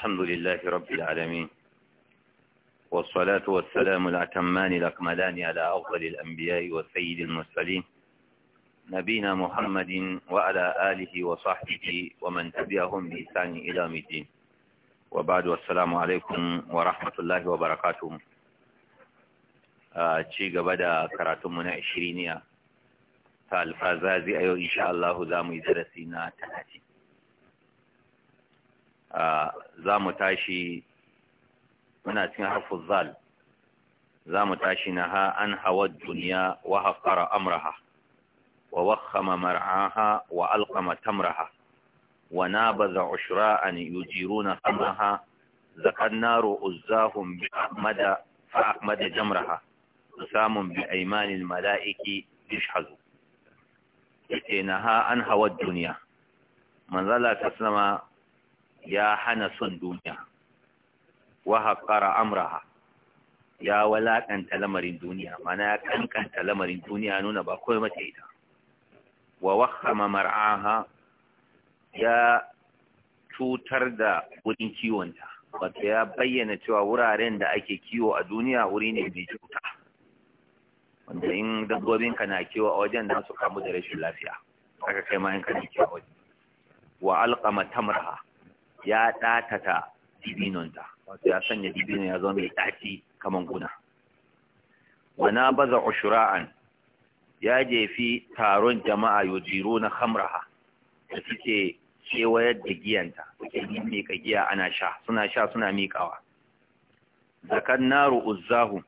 الحمد لله رب العالمين والصلاة والسلام الأتمان الأكملان على أفضل الأنبياء والسيد المرسلين نبينا محمد وعلى آله وصحبه ومن تبعهم بإحسان إلى الدين وبعد والسلام عليكم ورحمة الله وبركاته ci gaba da karatunmu na ashiriniya ta alfazazi a yau insha Allah za mu yi darasi na talatin za mu tashi muna cikin harfin zal za mu tashi na ha an hawa duniya wa haƙara amraha wa wakama mar'aha wa alƙama tamraha wa na ba za ushura'an yujiru na samaha zakar naro uzzahun bi ahmada jamraha samun bi aimanin mala'iki ishhazu ita na ha an hawa duniya manzala ta sama ya hana son duniya wa haƙara amraha ya walaƙanta lamarin duniya mana ya ƙanƙanta lamarin duniya nuna ba kawai mace ita wa wakama mar'aha ya cutar da wurin kiwonta wato ya bayyana cewa wuraren da ake kiwo a duniya wuri ne mai cuta wanda in dabbobinka na kiwo a wajen da su kamu da rashin lafiya aka kai ma in kiwo a wajen wa alƙama tamraha ya ɗatata dibinonta wato ya sanya dibinon ya zama mai ɗaci kaman guna wana baza ushura'an ya jefi taron jama'a jiro na hamraha da suke kewayar da giyanta suke mika giya ana sha suna sha suna mikawa zakan naru uzzahu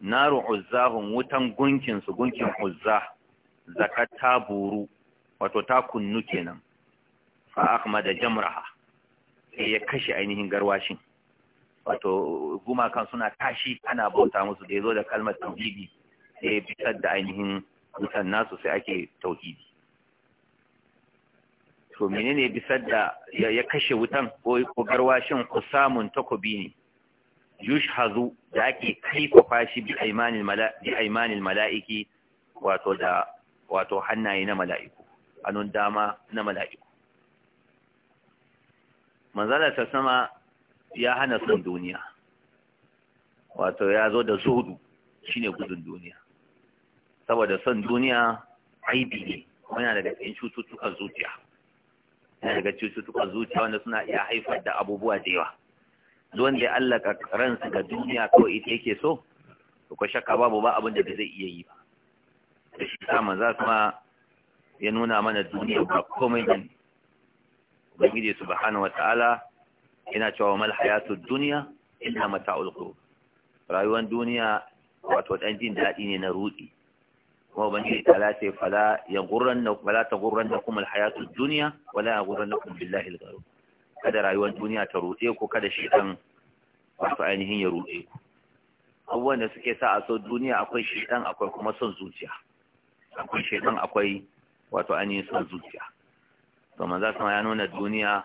naru uzzahu wutan gunkinsu gunkin uzza zakar ta buru wato ta kunnu kenan fa ahmada jamraha sai ya kashe ainihin garwashin wato gumakan suna tashi ana bauta musu da ya zo da kalmar tauhidi sai ya fitar da ainihin wutan nasu sai ake tauhidi to menene bisar da ya kashe wutan ko garwashin samun takobi ne yush hazu da ake kaifafa shi bi aimanin mala'iki wato da wato hannaye na mala'iku anun dama na mala'iku manzala ta sama ya hana son duniya wato ya zo da zuhudu shine gudun duniya saboda son duniya aibi ne yana daga cikin cututtukan zuciya yana daga cututtukan zuciya wanda suna iya haifar da abubuwa da yawa don da Allah ka ransa ga duniya ko ita yake so to ko shakka babu ba abin da zai iya yi ba da shi ta manzo kuma ya nuna mana duniya ba komai ne ubangiji subhanahu wataala yana cewa mal hayatud dunya illa mata'ul qurur rayuwar duniya wato dan jin daɗi ne na rudi kuma ubangiji ta'ala ce fala yaghurranna wala taghurrannakum al hayatud dunya wala yaghurrannakum billahi al gharur kada rayuwar duniya ta rude ku kada shaytan wato ainihin ya rude ku abubuwan da suke sa a so duniya akwai shaidan akwai kuma son zuciya akwai shaidan akwai wato ainihin son zuciya to su ma ya nuna duniya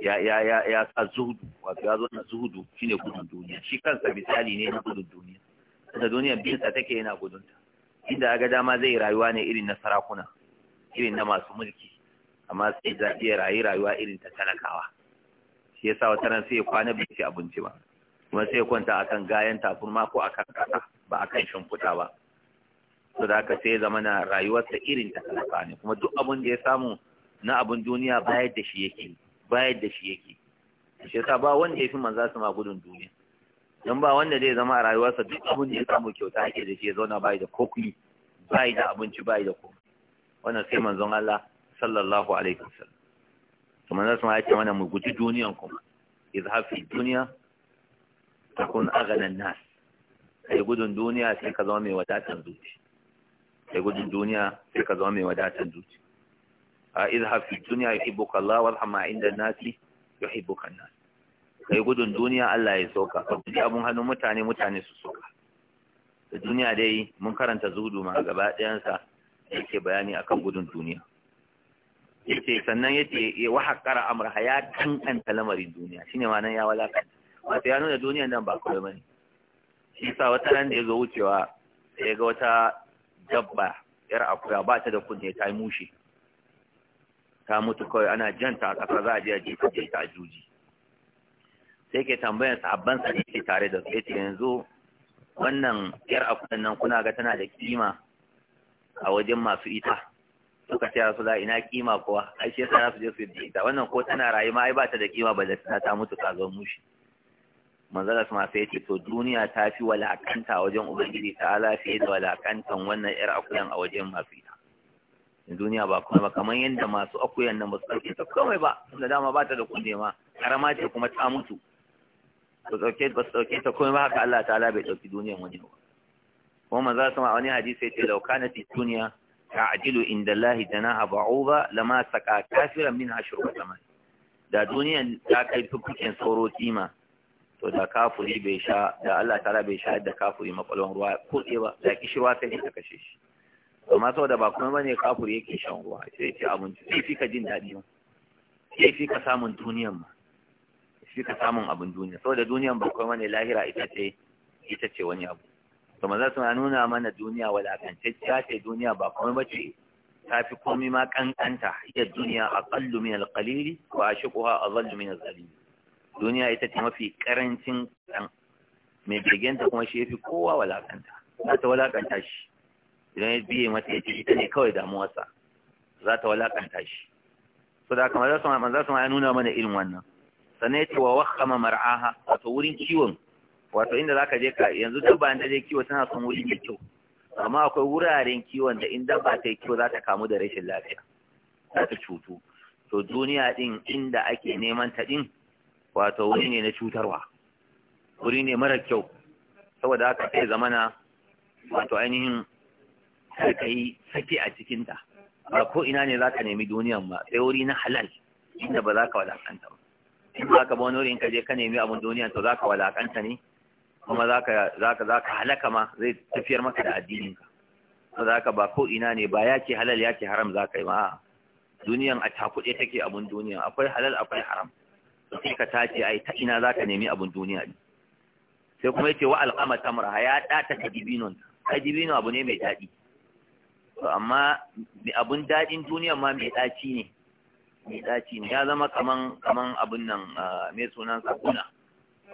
ya ya ya ya sa zuhudu wato ya zo na zuhudu shine gudun duniya shi kansa misali ne na gudun duniya da duniya bin sa take yana gudun ta inda ga dama zai rayuwa ne irin na sarakuna irin na masu mulki amma sai za iya rayu rayuwa irin ta talakawa shi yasa wata ran sai ya kwana bai ci abinci ba kuma sai ya kwanta akan gayan tafurma ko akan kasa ba akan shimfiɗa ba to da haka sai zama na rayuwarsa irin ta talaka ne kuma duk abin da ya samu na abin duniya bayar da shi yake bayar da shi yake shi yasa ba wanda yafi manzo sama gudun duniya dan ba wanda zai zama a rayuwarsa duk abin da ya samu kyauta yake da shi ya zauna bai da kokuli bai da abinci bai da komai wannan sai manzon Allah sallallahu alaihi wasallam to manzo sama ya ce mana mu guji duniyan kuma izhab fi dunya takun aghna an-nas ai gudun duniya sai ka zama mai wadatan zuci ai gudun duniya sai ka zama mai wadatan zuci izhab في الدنيا يحبك Allah وارحم inda عند الناس يحبك الناس kai gudun duniya Allah ya soka ka abun hannun mutane mutane su soka da duniya dai mun karanta zuhudu ma gaba ɗayan sa yake bayani akan gudun duniya yace sannan yace ya wahaqqara amraha ya kankanta lamarin duniya shine ma nan ya walaka wato ya nuna duniya nan ba kawai bane shi sa wata ran da ya zo wucewa sai ga wata dabba yar akuya ba ta da kunne ta yi mushi ta mutu kawai ana janta a ƙasa za a je a jefa da ita a juji sai ke tambayan abban sa ne tare da su yace yanzu wannan yar akudan nan kuna ga tana da kima a wajen masu ita suka ce su la ina kima kuwa ai shi yasa su je su yi ita wannan ko tana rayu ma ai ba ta da kima ba da tana ta mutu ka zo mushi manzala su masu ce to duniya ta fi walakanta a wajen ubangiji ta ala fiye da walakantan wannan yar akudan a wajen masu ita duniya ba kuma kamar yadda masu akuyan nan ba su ɗauke ta ba da dama ba ta da kunne ma karama ce kuma ta mutu ba su ɗauke ta ba haka Allah ta'ala bai ɗauki duniya wani ba kuma maza sama wani hadisi ya ce lau kana fi duniya ajilu inda Allah ba ba'uba lama saka kafiran min ashru wa da duniya ta kai fukukin sauro kima to da kafuri bai sha da Allah ta'ala bai sha da kafuri makwalwan ruwa ko ba da kishirwa sai ta kashe shi amma saboda ba kuma bane kafur yake shan ruwa sai ce abinci sai fi ka jin daɗi ma sai fi ka samun duniyan ma sai ka samun abin duniya saboda duniyan ba kuma bane lahira ita ce ita ce wani abu to maza suna nuna mana duniya walakantacciya ce duniya ba kuma ba ce ta fi komai ma kankanta iya duniya a kallu min alƙalili wa a shiƙuwa a zallu min alƙalili duniya ita ce mafi ƙarancin ɗan mai begenta kuma shi ya fi kowa walakanta za ta walakanta shi idan ya biye mata ya ita ne kawai damuwarsa za ta walakanta shi so da kamar zasu manzo ma ya nuna mana irin wannan sannan ya ce wa wakhama mar'aha wato wurin kiwon wato inda zaka je ka yanzu dabba inda ta je kiwo tana son wuri mai kyau amma akwai wuraren kiwon da in dabba ta yi kiwo za ta kamu da rashin lafiya za ta cutu to duniya din inda ake neman ta din wato wuri ne na cutarwa wuri ne mara kyau saboda haka sai zamana wato ainihin kar ka yi sake a cikinta ba ko ina ne za ka nemi duniyan ba sai wuri na halal inda ba za ka walakanta ba in ba ka ba wuri in ka je ka nemi abin duniyan to za ka walakanta ne kuma za ka halaka ma zai tafiyar maka da addininka ba za ka ba ko ina ne ba ya ce halal ya ce haram za ka yi ma duniyan a takuɗe take abin duniya akwai halal akwai haram sai ka tace ai ta ina za ka nemi abin duniya ne sai kuma yace wa al'amata tamra ya ɗata ta dibinon ai dibinon abu ne mai daɗi to amma abun daɗin duniya ma mai ɗaci ne mai ɗaci ne ya zama kaman kaman abun nan mai sunan sakuna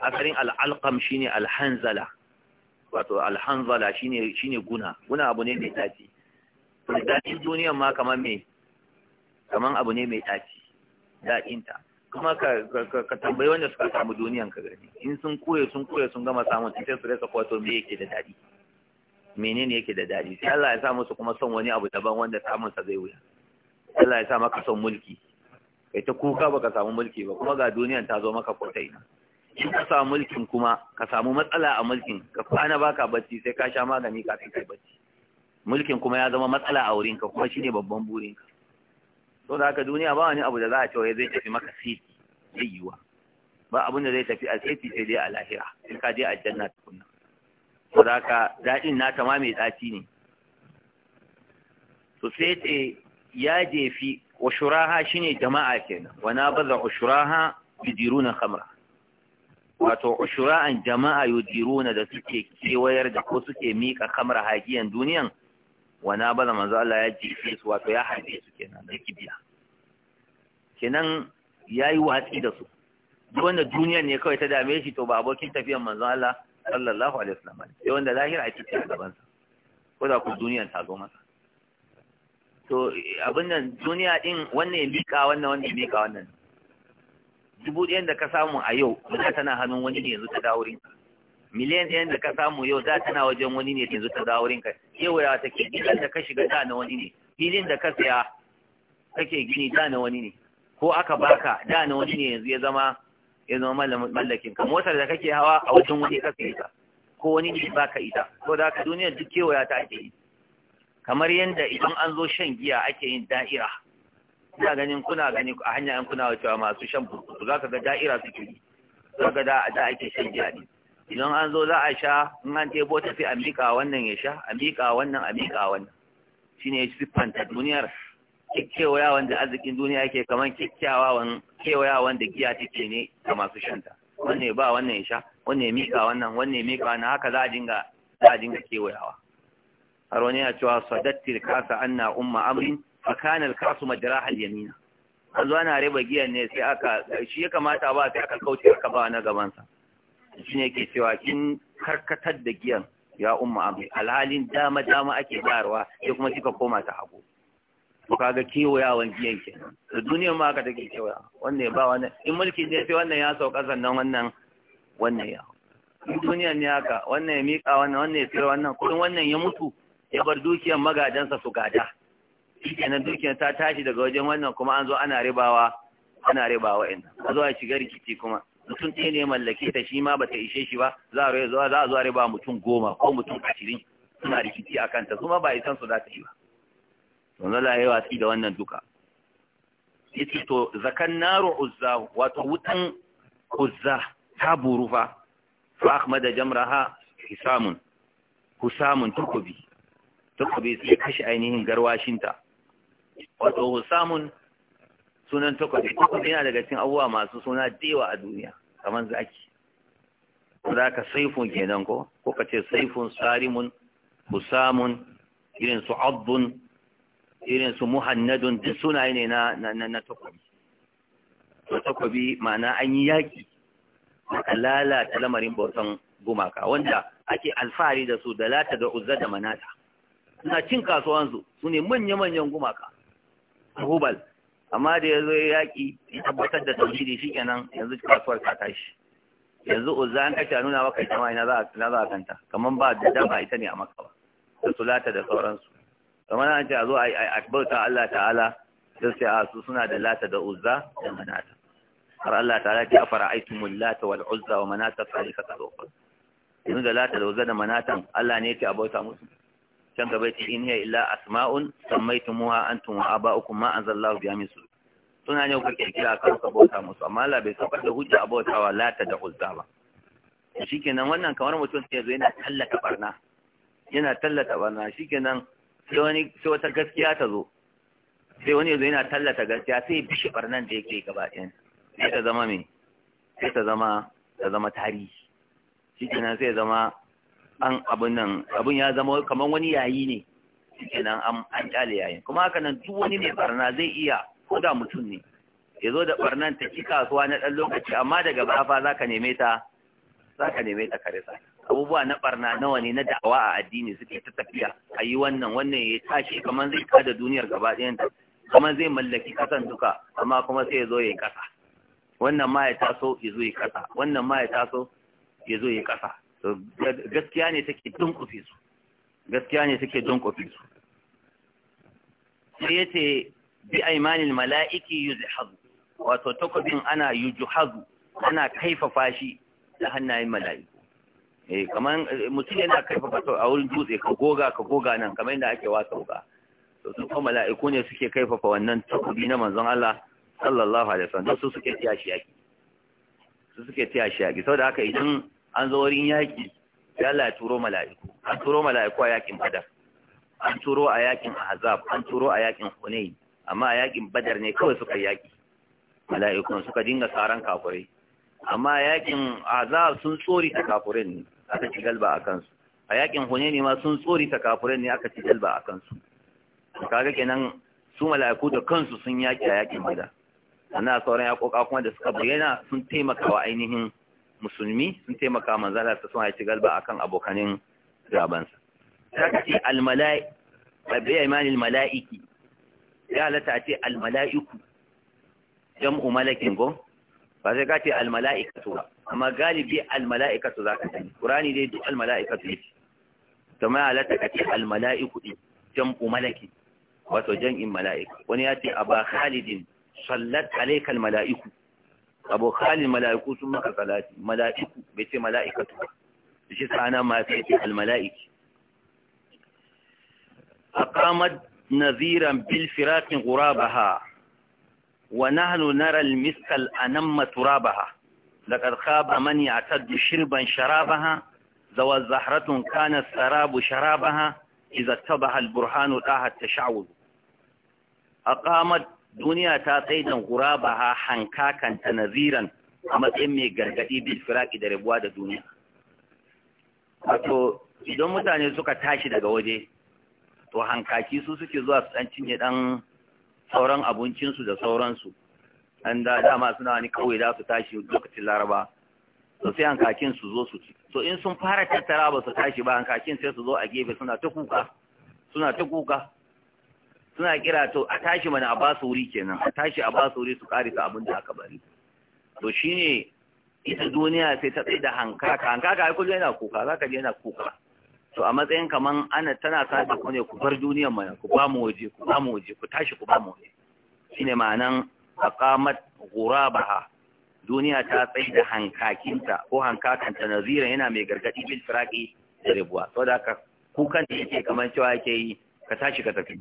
akarin Al-Alqam shine alhanzala wato alhanzala shine shine guna guna abu ne mai ɗaci to daɗin duniya ma kaman mai kaman abu ne mai ɗaci daɗinta kuma ka tambayi wanda suka samu duniyan ka gani in sun koye sun koye sun gama samun sai su rasa kwato me yake da daɗi menene yake da daɗi sai Allah ya sa musu kuma son wani abu daban wanda samun sa zai wuya Allah ya sa maka son mulki kai ta kuka baka samu mulki ba kuma ga duniyan ta zo maka kotai shi ka samu mulkin kuma ka samu matsala a mulkin ka kwana baka bacci sai ka sha magani kafin kai bacci mulkin kuma ya zama matsala a wurin ka kuma shine babban burin ka to da haka duniya ba wani abu da za a ce wai zai tafi maka siti zai yiwa ba abin da zai tafi a siti sai dai a lahira in ka je aljanna tukunna to da ka daɗin nata ma mai ɗaci ne to sai ce ya jefi ushuraha shine jama'a kenan wana baza ushuraha na kamar? wato ushura'an jama'a yudiruna da suke kewayar da ko suke miƙa kamar hagiyan duniyan wana baza manzo Allah ya jefe su wato ya haife su kenan da kibiya kenan ya yi watsi da su wanda duniyan ne kawai ta dame shi to ba abokin tafiyan manzo Allah sallallahu alaihi wasallam sai wanda lahira a cikin sa ko da ku duniyan ta zo masa to abin nan duniya din wannan ya bika wannan wannan ya bika wannan dubu ɗayan da ka samu a yau za tana hannun wani ne yanzu ta dawo rinka miliyan ɗayan da ka samu yau za tana wajen wani ne yanzu ta dawo rinka kewaya take gidan da ka shiga da na wani ne filin da ka saya kake gini da na wani ne ko aka baka da na wani ne yanzu ya zama ya zama mallakin ka motar da kake hawa a wajen wani ka ita, ko wani ne ba ka ita ko da ka duniyar duk kewaya ta ake yi kamar yadda idan an zo shan giya ake yin da'ira kuna ganin kuna gani a hanya yan kuna wacewa masu shan burkutu za ka ga da'ira suke yi za ka da da ake shan giya ne idan an zo za a sha in an tebo ta sai a miƙa wannan ya sha a miƙa wannan a miƙa wannan shine siffanta duniyar kewayawan da arzikin duniya yake kamar kyakkyawan kewayawan da giya take ne ga masu shanta wanne ba wannan ya sha wanne mika wannan wanne mika wannan haka za a dinga za a dinga kewayawa har wani ya cewa sadattil kasa anna umma amrin fa kana al-kasu majraha al-yamina an zo ana riba giyan ne sai aka shi ya kamata ba sai aka kauce aka ba na gaban sa shi ne ke cewa kin karkatar da giyan ya umma amri alhalin dama dama ake bayarwa sai kuma kika koma ta hagu to kaga kewayawan giyan ke da duniyar ma aka take kewaya wannan ba wannan in mulki ne sai wannan ya sauka sannan wannan wannan ya in ne haka wannan ya miƙa wannan wannan ya tsira wannan kudin wannan ya mutu ya bar dukiyar magajansa su gada kenan dukiyar ta tashi daga wajen wannan kuma an zo ana ribawa ana ribawa in a zo a shiga rikici kuma mutum ɗaya ne mallake ta shi ma ba ta ishe shi ba za a zo a riba mutum goma ko mutum ashirin suna rikici a kanta kuma ba isan su za ta yi ba wanda la yayi watsi da wannan duka yace to zakan naru uzza wato wutan uzza ta burufa fa ahmad jamraha hisamun husamun tukubi tukubi sai kashi ainihin garwashinta wato husamun sunan tukubi tukubi yana daga cikin abubuwa masu suna dewa a duniya kamar zaki za ka saifun kenan ko ko ka ce saifun sarimun husamun irin su abdun irin su muhannadun duk sunaye ne na na na takobi ma'ana an yi yaki aka lalata lamarin bautan gumaka wanda ake alfahari da su da lata da uzza da manata suna cin kasuwansu su ne manya-manyan gumaka a hubal amma da ya zo ya yaƙi ya tabbatar da tauhidi shi kenan yanzu kasuwar ta tashi yanzu uzza an kashe nuna maka ita ma ina za a kanta kamar ba da dama ita ne a maka ba da sulata da sauransu kamar an ce a zo a bauta Allah ta'ala sai sai a su suna da lata da uzza da manata har Allah ta'ala ce afara aitumul lata wal uzza wa manata salika kalokal yanzu da lata da uzza da manatan Allah ne yake a bauta musu can gaba ce in hiya illa asma'un sammaytumuha antum wa aba'ukum ma anzalallahu bi min suna ne ku kirkira kan ka bauta musu amma Allah bai saka da hujja a bautawa lata da uzza ba shikenan wannan kamar mutum sai zo yana tallata barna yana tallata barna shikenan sai wani sai wata gaskiya ta zo sai wani yanzu yana tallata gaskiya sai bishi barnan da yake gaba ɗin sai ta zama me sai ta zama ta zama tarihi shikenan sai zama an abun nan abun ya zama kamar wani yayi ne shikenan an an kyale yayin kuma haka nan duk wani mai barna zai iya ko da mutum ne ya zo da barnan ta ci kasuwa na ɗan lokaci amma daga baya fa za ka neme ta za ka neme ta kare sa abubuwa na barna nawa ne na da'awa a addini suke ta tafiya a yi wannan wannan ya tashi kamar zai kada duniyar gaba ɗayanta kamar zai mallaki kasan duka amma kuma sai ya zo ya yi kasa wannan ma ya taso ya zo ya kasa wannan ma ya taso ya zo ya kasa gaskiya ne take dunkufe su gaskiya ne take dunkufe su sai ya ce bi aimanil mala'iki yuzhazu wato takobin ana yujhazu ana kaifafa shi da hannayen mala'iki eh kaman eh, mutum yana kaifa fato a wurin dutse ka goga ka goga nan kamar yadda ake wasa wuka to su kuma mala'iku ne suke kaifafa wannan takobi na manzon Allah sallallahu alaihi wasallam su suke tiya shi yaki su suke tiya shi yaki saboda haka idan an zo wurin yaki ya Allah ya turo mala'iku an turo mala'iku a yakin badar an turo a yakin ahzab an turo a yakin hunayn amma a yakin badar ne kawai suka yaki mala'ikun suka dinga saran kafurai amma yakin azab sun tsori ta kafurin aka ci galba a kansu a yakin ne ma sun tsori ta kafuran ne aka ci galba a kansu kaga kenan su mala'iku da kansu sun yaki a yakin gida. ana sauran yakoka kuma da suka bayyana sun taimaka wa ainihin musulmi sun taimaka manzala ta sun haici galba akan abokanin gabansa saka ce almala'i babbe imanin mala'iki ya halatta a ce almala'iku jam'u malakin go ba sai ka ce almala'ikatu ba amma galibi almala'ikatu za ka sani Ƙur'ani dai duk almala'ikatu yake to ma halatta ka ce almala'iku din jan malaki wato jam'in mala'ika wani ya ce aba khalidin sallat alayka mala'iku. abu khalid mala'iku sun maka salati mala'iku bai ce mala'ika mala'ikatu ba shi sana ma sai ce almala'iki kamar naziran bil firaqin ghurabaha wa nahnu nara al-miskal anamma turabaha laqad khaba man ya'taddu shirban sharabaha zawa zahratun kana sarabu sharabaha idza tabaha al-burhanu daha at-tashawud aqamat duniya ta tsaidan gurabaha hankakan ta naziran a matsayin mai gargadi bil firaqi da rabuwa da duniya wato idan mutane suka tashi daga waje to hankaki su suke zuwa su dan cinye ɗan. sauran abincinsu da sauransu an da dama suna wani kawai za su tashi lokacin laraba to sai an kakin su zo su ci to in sun fara tattara ba su tashi ba an kakin sai su zo a gefe suna ta kuka suna ta kuka suna kira to a tashi mana a ba su wuri kenan a tashi a ba su wuri su kare su abin da aka bari to shine ita duniya sai ta tsaye da hankaka hankaka ai kullum yana kuka zaka je yana kuka to a matsayin kaman ana tana sa da ku ne ku bar duniyar mana ku ba mu waje ku ba mu waje ku tashi ku ba mu waje shine ma'anan aqamat ghurabaha duniya ta tsaye da hankakinta ko hankakan ta. nazira yana mai gargadi bil firaqi da da ka haka kukan da yake kamar cewa yake yi ka tashi ka tafi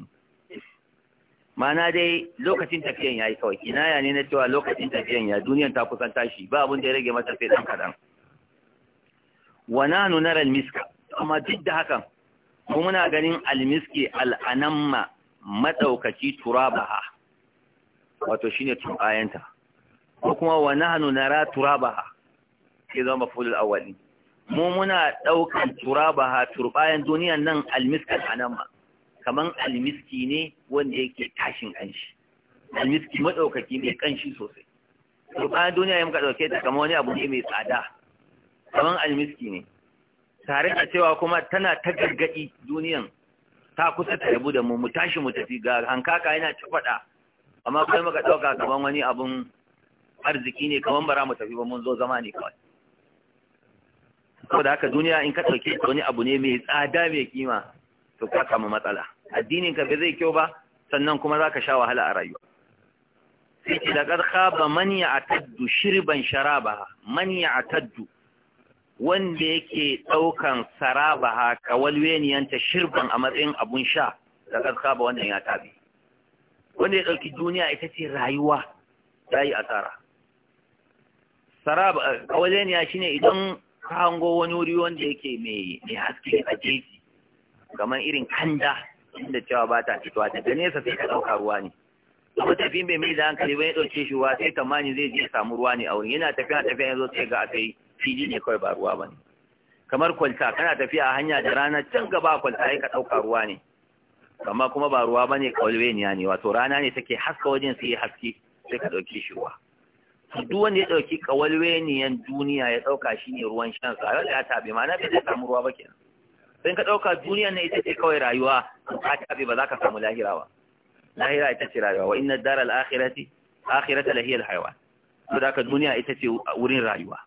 ma'ana dai lokacin tafiyan ya yi kawai ya ne na cewa lokacin tafiyan ya duniyan ta kusan tashi ba abin da ya rage mata sai dan kadan wa nanu nara miska amma duk da hakan mu muna ganin almiski al'anamma madaukaki turabaha wato shine turbayanta ko kuma wa nahnu nara turabaha ke zama al awwali mu muna daukan turabaha turbayan duniyan nan almiski al'anamma kaman almiski ne wanda yake tashin kanshi almiski madaukaki mai kanshi sosai turbayan duniya ya muka dauke ta kaman wani abu ne mai tsada kaman almiski ne tare da cewa kuma tana ta gargaɗi duniyan ta kusa ta yabu da mu mu tashi mu tafi ga hankaka yana ta faɗa amma kai muka ɗauka kaman wani abun arziki ne kaman bara mu tafi ba mun zo zama ne kawai saboda haka duniya in ka ɗauke ta wani abu ne mai tsada mai kima to ka samu matsala addinin ka bai zai kyau ba sannan kuma za ka sha wahala a rayuwa sai ki da ƙarƙa ba man ya shirban sharaba man a taddu. wanda yake ɗaukan sarabaha walweniyanta shirban a matsayin abun sha da ba wannan ya tabi wanda ya ɗauki duniya ita ce rayuwa ta yi asara kawalweniya shi ne idan ka hango wani wuri wanda yake mai haske a jeji kamar irin kanda inda cewa ba ta fitowa daga nesa sai ka ɗauka ruwa ne kuma tafi bai mai da hankali ya ɗauke shi ruwa sai tamani zai je samu ruwa ne a wurin yana tafiya tafiya yanzu sai ga akai fili ne kawai ba ruwa ba ne kamar kwalta kana tafiya a hanya da rana can gaba kwalta ya ka ɗauka ruwa ne amma kuma ba ruwa ba ne kwalweniya ne wato rana ne take haska wajen sai ya haske sai ka ɗauki shi ruwa duk wanda ya ɗauki kawalweniyan duniya ya ɗauka shi ne ruwan shan sa ya tabe ma na bai samu ruwa ba kenan sai ka ɗauka duniya ne ita ce kawai rayuwa ka tabe ba za ka samu lahira ba lahira ita ce rayuwa wa inna al akhirati akhirata al hayawan da ka duniya ita ce wurin rayuwa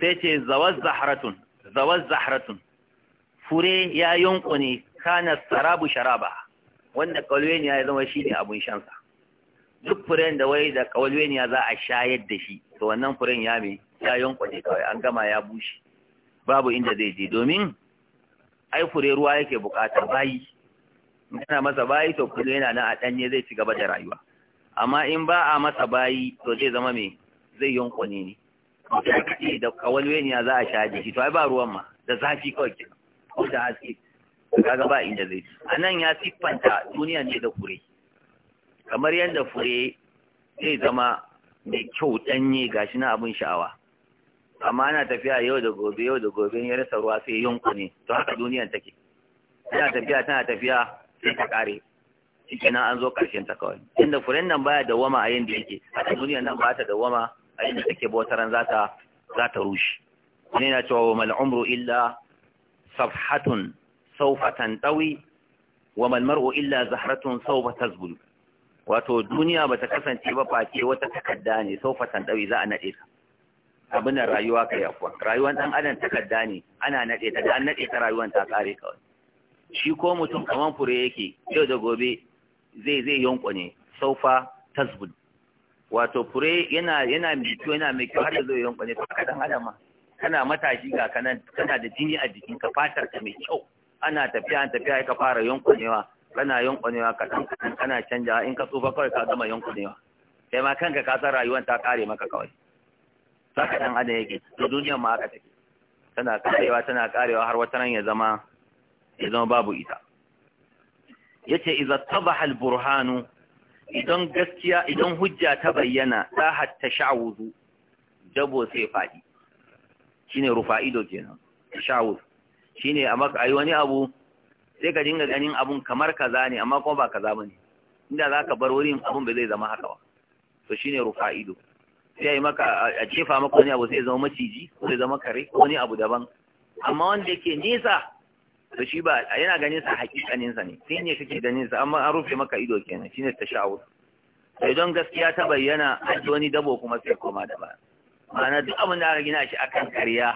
sai ce zawar zaharatun zawar zaharatun fure ya yunkune kana sarabu sharaba wanda kaulweniya ya zama shi ne abun shansa duk furen da wai da kaulweniya za a shayar da shi to wannan furen ya mai ya ne kawai an gama ya bushe babu inda zai je domin ai fure ruwa yake bukata bayi yana masa bayi to kudu yana nan a ɗanye zai ci gaba da rayuwa amma in ba a masa bayi to zai zama mai zai yunkune ne ya kaɗe da kawalweniya za a sha jiki to ai ba ruwan ma da zafi kawai ke ko da haske kaga ba inda zai a nan ya siffanta duniya ne da fure kamar yadda fure zai zama mai kyau ɗanye gashi na abin sha'awa amma ana tafiya yau da gobe yau da gobe ya rasa ruwa sai yanku ne to haka duniyan take tana tafiya tana tafiya sai ta kare shikenan an zo karshen ta kawai inda furen nan baya da wama a yanda yake a duniyan nan ba ta da wama a da take ba wata ran za ta rushe wani na cewa mal umru illa safhatun sawfa tantawi wa mal mar'u illa zahratun sawfa tazbul wato duniya bata kasance ba face wata takadda ne sawfa tantawi za a nade ka abin rayuwa kai afwa Rayuwan dan adam takadda ne ana nade ta da an nade ta rayuwan ta kare kawai shi ko mutum kaman fure yake yau da gobe zai zai ne sawfa tazbul wato fure yana yana mai kyau yana mai kyau har yanzu yayin kwane to dan adama kana matashi ga kanan kana da jini a jikin ka fatar ka mai kyau ana tafiya an tafiya ka fara yankwanewa kana yankwanewa kadan kadan kana canjawa in ka tsufa kawai ka gama yankwanewa sai ma kanka ka san rayuwar ta kare maka kawai saka dan adam yake to duniyar ma aka take tana karewa tana karewa har wata ran ya zama ya zama babu ita yace idza tabaha al-burhanu idan gaskiya idan hujja ta bayyana ta hatta sha'awuzu dabo sai faɗi shine rufa'ido kenan sha'awuz shine a maka ayi wani abu sai ka dinga ganin abun kamar kaza ne amma kuma ba kaza bane inda zaka bar wurin abun bai zai zama haka ba to shine rufa'ido sai yi maka a cefa maka wani abu sai zama maciji ko zai zama kare wani abu daban amma wanda yake nesa to shi ba yana ganin sa hakikanin sa ne sai ne kake ganin sa amma an rufe maka ido kenan shine tashawur Sai don gaskiya ta bayyana an ji wani dabo kuma sai koma da ba ma'ana duk abin da aka gina shi akan ƙarya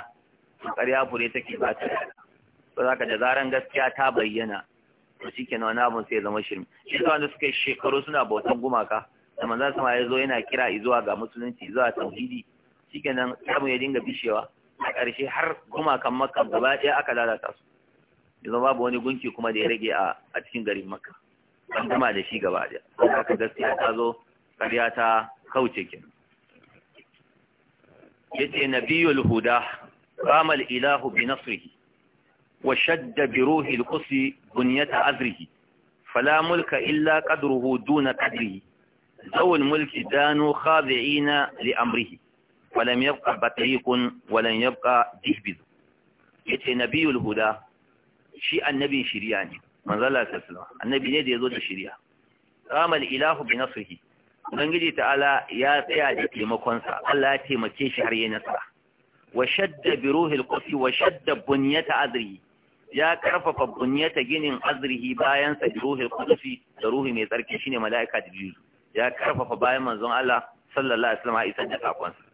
ƙarya fure take ba ta to zaka da zaran gaskiya ta bayyana to kenan wani abun sai zama shirme shi wanda suka shekaru suna bautan gumaka da manzon sama ya zo yana kira zuwa ga musulunci zuwa tauhidi kenan samu ya dinga bishewa a ƙarshe har gumakan makan gaba ɗaya aka lalata su yanzu babu wani gunki kuma da ya rage a cikin garin makka Ban gama da shi gaba da haka gaskiya ta zo ƙarya ta kauce kin yace nabiyul huda qama al ilahu bi nasrihi wa shadda bi ruhi al bunyata azrihi fala mulka illa qadruhu duna qadrihi ذو الملك دانوا خاضعين لأمره ولم يبقى بطريق ولن Ya ce na biyu الهدى shi annabin shiriya ne manzala sallallahu annabi ne da zo da shiriya qamal ilahu bi nasrihi ubangiji ta'ala ya tsaya da taimakonsa. Allah ya taimake shi har yayin nasara wa shadda bi ruhil wa shadda bunyata azrihi ya karfafa bunyata ginin azrihi bayan sa bi ruhil da ruhi mai tsarki shine malaika jibril ya karfafa bayan manzon Allah sallallahu alaihi wasallam a isa da sakonsa sa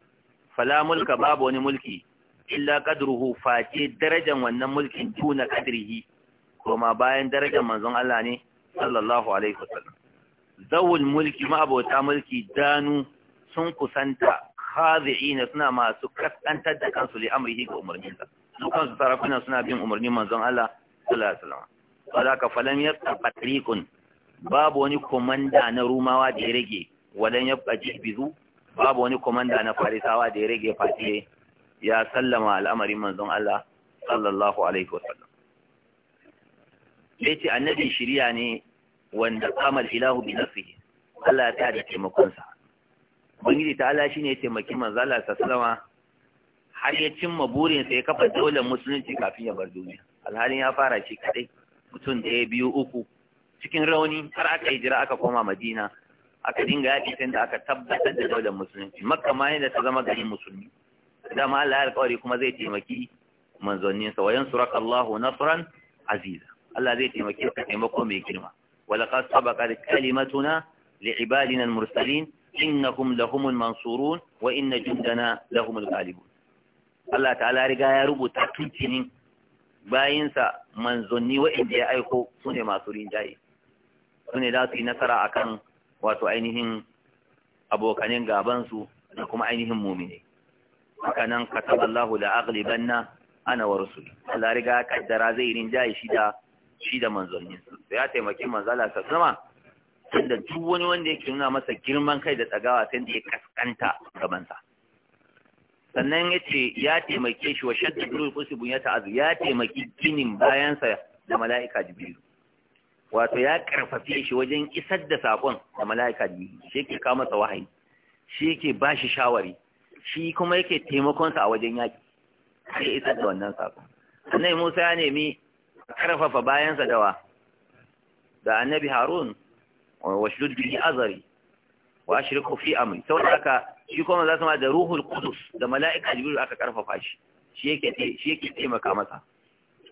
fala mulka babu wani mulki illa qadruhu face darajan wannan mulkin tuna qadrihi kuma bayan darajan manzon Allah ne sallallahu alaihi wasallam zawul mulki ma abota mulki danu sun kusanta khazi'ina suna masu kaskantar da kansu li amrihi ga umarninsa su kansu sarakuna suna bin umarnin manzon Allah sallallahu alaihi wasallam saboda falam yabqa babu wani komanda na rumawa da ya rage wadan yabqa jibizu babu wani komanda na farisawa da ya rage fatiye ya sallama al'amarin manzon Allah sallallahu alaihi wasallam yace annabi shiriya ne wanda kamal ilahu bi nafsihi Allah ta da taimakon sa ta Allah shine ya taimaki manzon Allah sallama har ya cimma burinsa ya kafa daular musulunci kafin ya bar duniya alhalin ya fara shi kadai mutum ɗaya biyu uku cikin rauni har aka yi jira aka koma madina aka dinga yaƙi sai da aka tabbatar da daular musulunci makka ma ne da ta zama garin musulmi dama Allah ya alƙawari kuma zai taimaki manzanninsa wayan surak Allahu nasran aziza Allah zai taimaki ka taimako mai girma wala qad sabaqat kalimatuna li ibadina al-mursalin innahum lahum al-mansurun wa inna jundana lahum al-ghalibun Allah ta'ala riga ya rubuta tuntunin bayansa sa manzanni wa ya aiko sune masu rinjaye sune da su yi nasara akan wato ainihin abokanin gabansu su kuma ainihin mu'mini haka nan kataballahu da aghlibanna ana wa rusuli Allah riga kaddara zai rinjaye shi da shi manzonin sai ya taimaki manzala sa sama tunda duk wani wanda yake nuna masa girman kai da tsagawa sai da ya kaskanta gaban sa sannan yace ya taimake shi wa shaddu durul qusbun ya azu ya taimaki ginin bayansa sa da mala'ika jibril wato ya karfafi shi wajen isar da sakon da mala'ika jibril shi ke kawo masa wahayi shi ke bashi shawari shi kuma yake taimakonsa a wajen yaƙi sai isar da wannan sako annabi Musa ya nemi karfafa bayansa dawa da annabi Harun wa shudud bihi azari wa ashriku fi amri saboda haka shi kuma za su ma da ruhul qudus da mala'ika jibril aka karfafa shi shi yake shi yake taimaka masa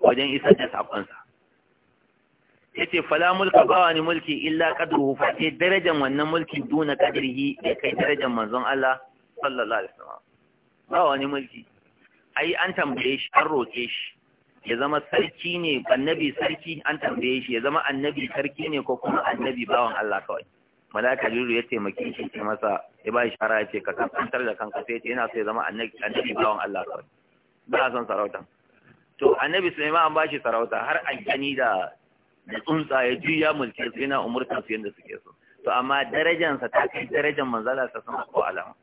wajen isar da sakonsa yace fala mulka wani mulki illa qadruhu fa sai darajar wannan mulki duna qadrihi bai kai darajar manzon Allah sallallahu alaihi wasallam ba wani mulki ai an tambaye shi an roƙe shi ya zama sarki ne annabi sarki an tambaye shi ya zama annabi sarki ne ko kuma annabi bawan Allah kawai malaka jiru ya taimake shi ya masa ya ba shi shara ya ce ka kankantar da kanka sai yana so ya zama annabi bawan Allah kawai ba a son sarauta to annabi Sulaiman an ba shi sarauta har gani da da tsuntsa ya ya mulki su yana umurta su yadda suke so to amma darajansa ta kai darajar manzala ta sama ko alama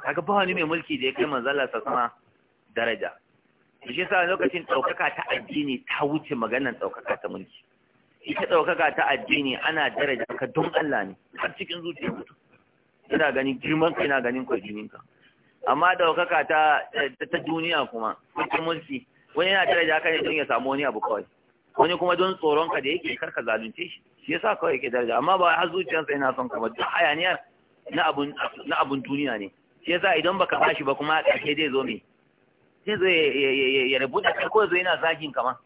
kaga ba wani mai mulki da ya kai manzala sa sama daraja shi yasa lokacin ɗaukaka ta addini ta wuce maganar ɗaukaka ta mulki ita ɗaukaka ta addini ana daraja ka don Allah ne har cikin zuciya mutum ina ganin girman ka ina ganin kwajinin ka amma ɗaukaka ta ta duniya kuma cikin mulki wani yana daraja ka ne don ya samu wani abu kawai wani kuma don tsoron ka da yake karka zalunce shi shi yasa kawai yake daraja amma ba har zuciyarsa yana son ka ba duk hayaniyar na abun na abun duniya ne shi yasa idan baka bashi ba kuma a ƙarshe zai zo me sai zo ya rubuta kai ko zo yana zagin ka ma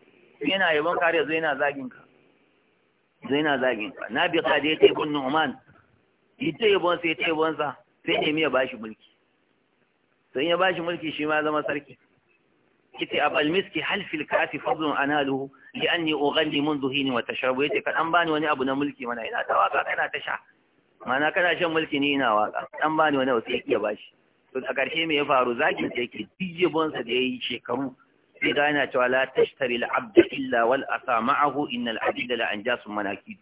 yana yabon kare zo yana zagin ka zo yana zagin ka na bi ka ya tebun ibn Nu'man ita yabon sai tebun sa sai ne ya bashi mulki sai ya bashi mulki shi ma zama sarki kiti abal miski hal fil kafi fadlun analuhu li anni ughalli منذ حين وتشرب yace kadan bani wani abu na mulki mana ina ta waka ina ta sha mana kana shan mulki ni ina waka dan ba ni wani wasu yake ya bashi to a ƙarshe me ya faru zaki da yake bonsa da yayi shekaru sai ga yana cewa la tashtari al-abd illa wal asa ma'ahu innal abida la anjasu manakid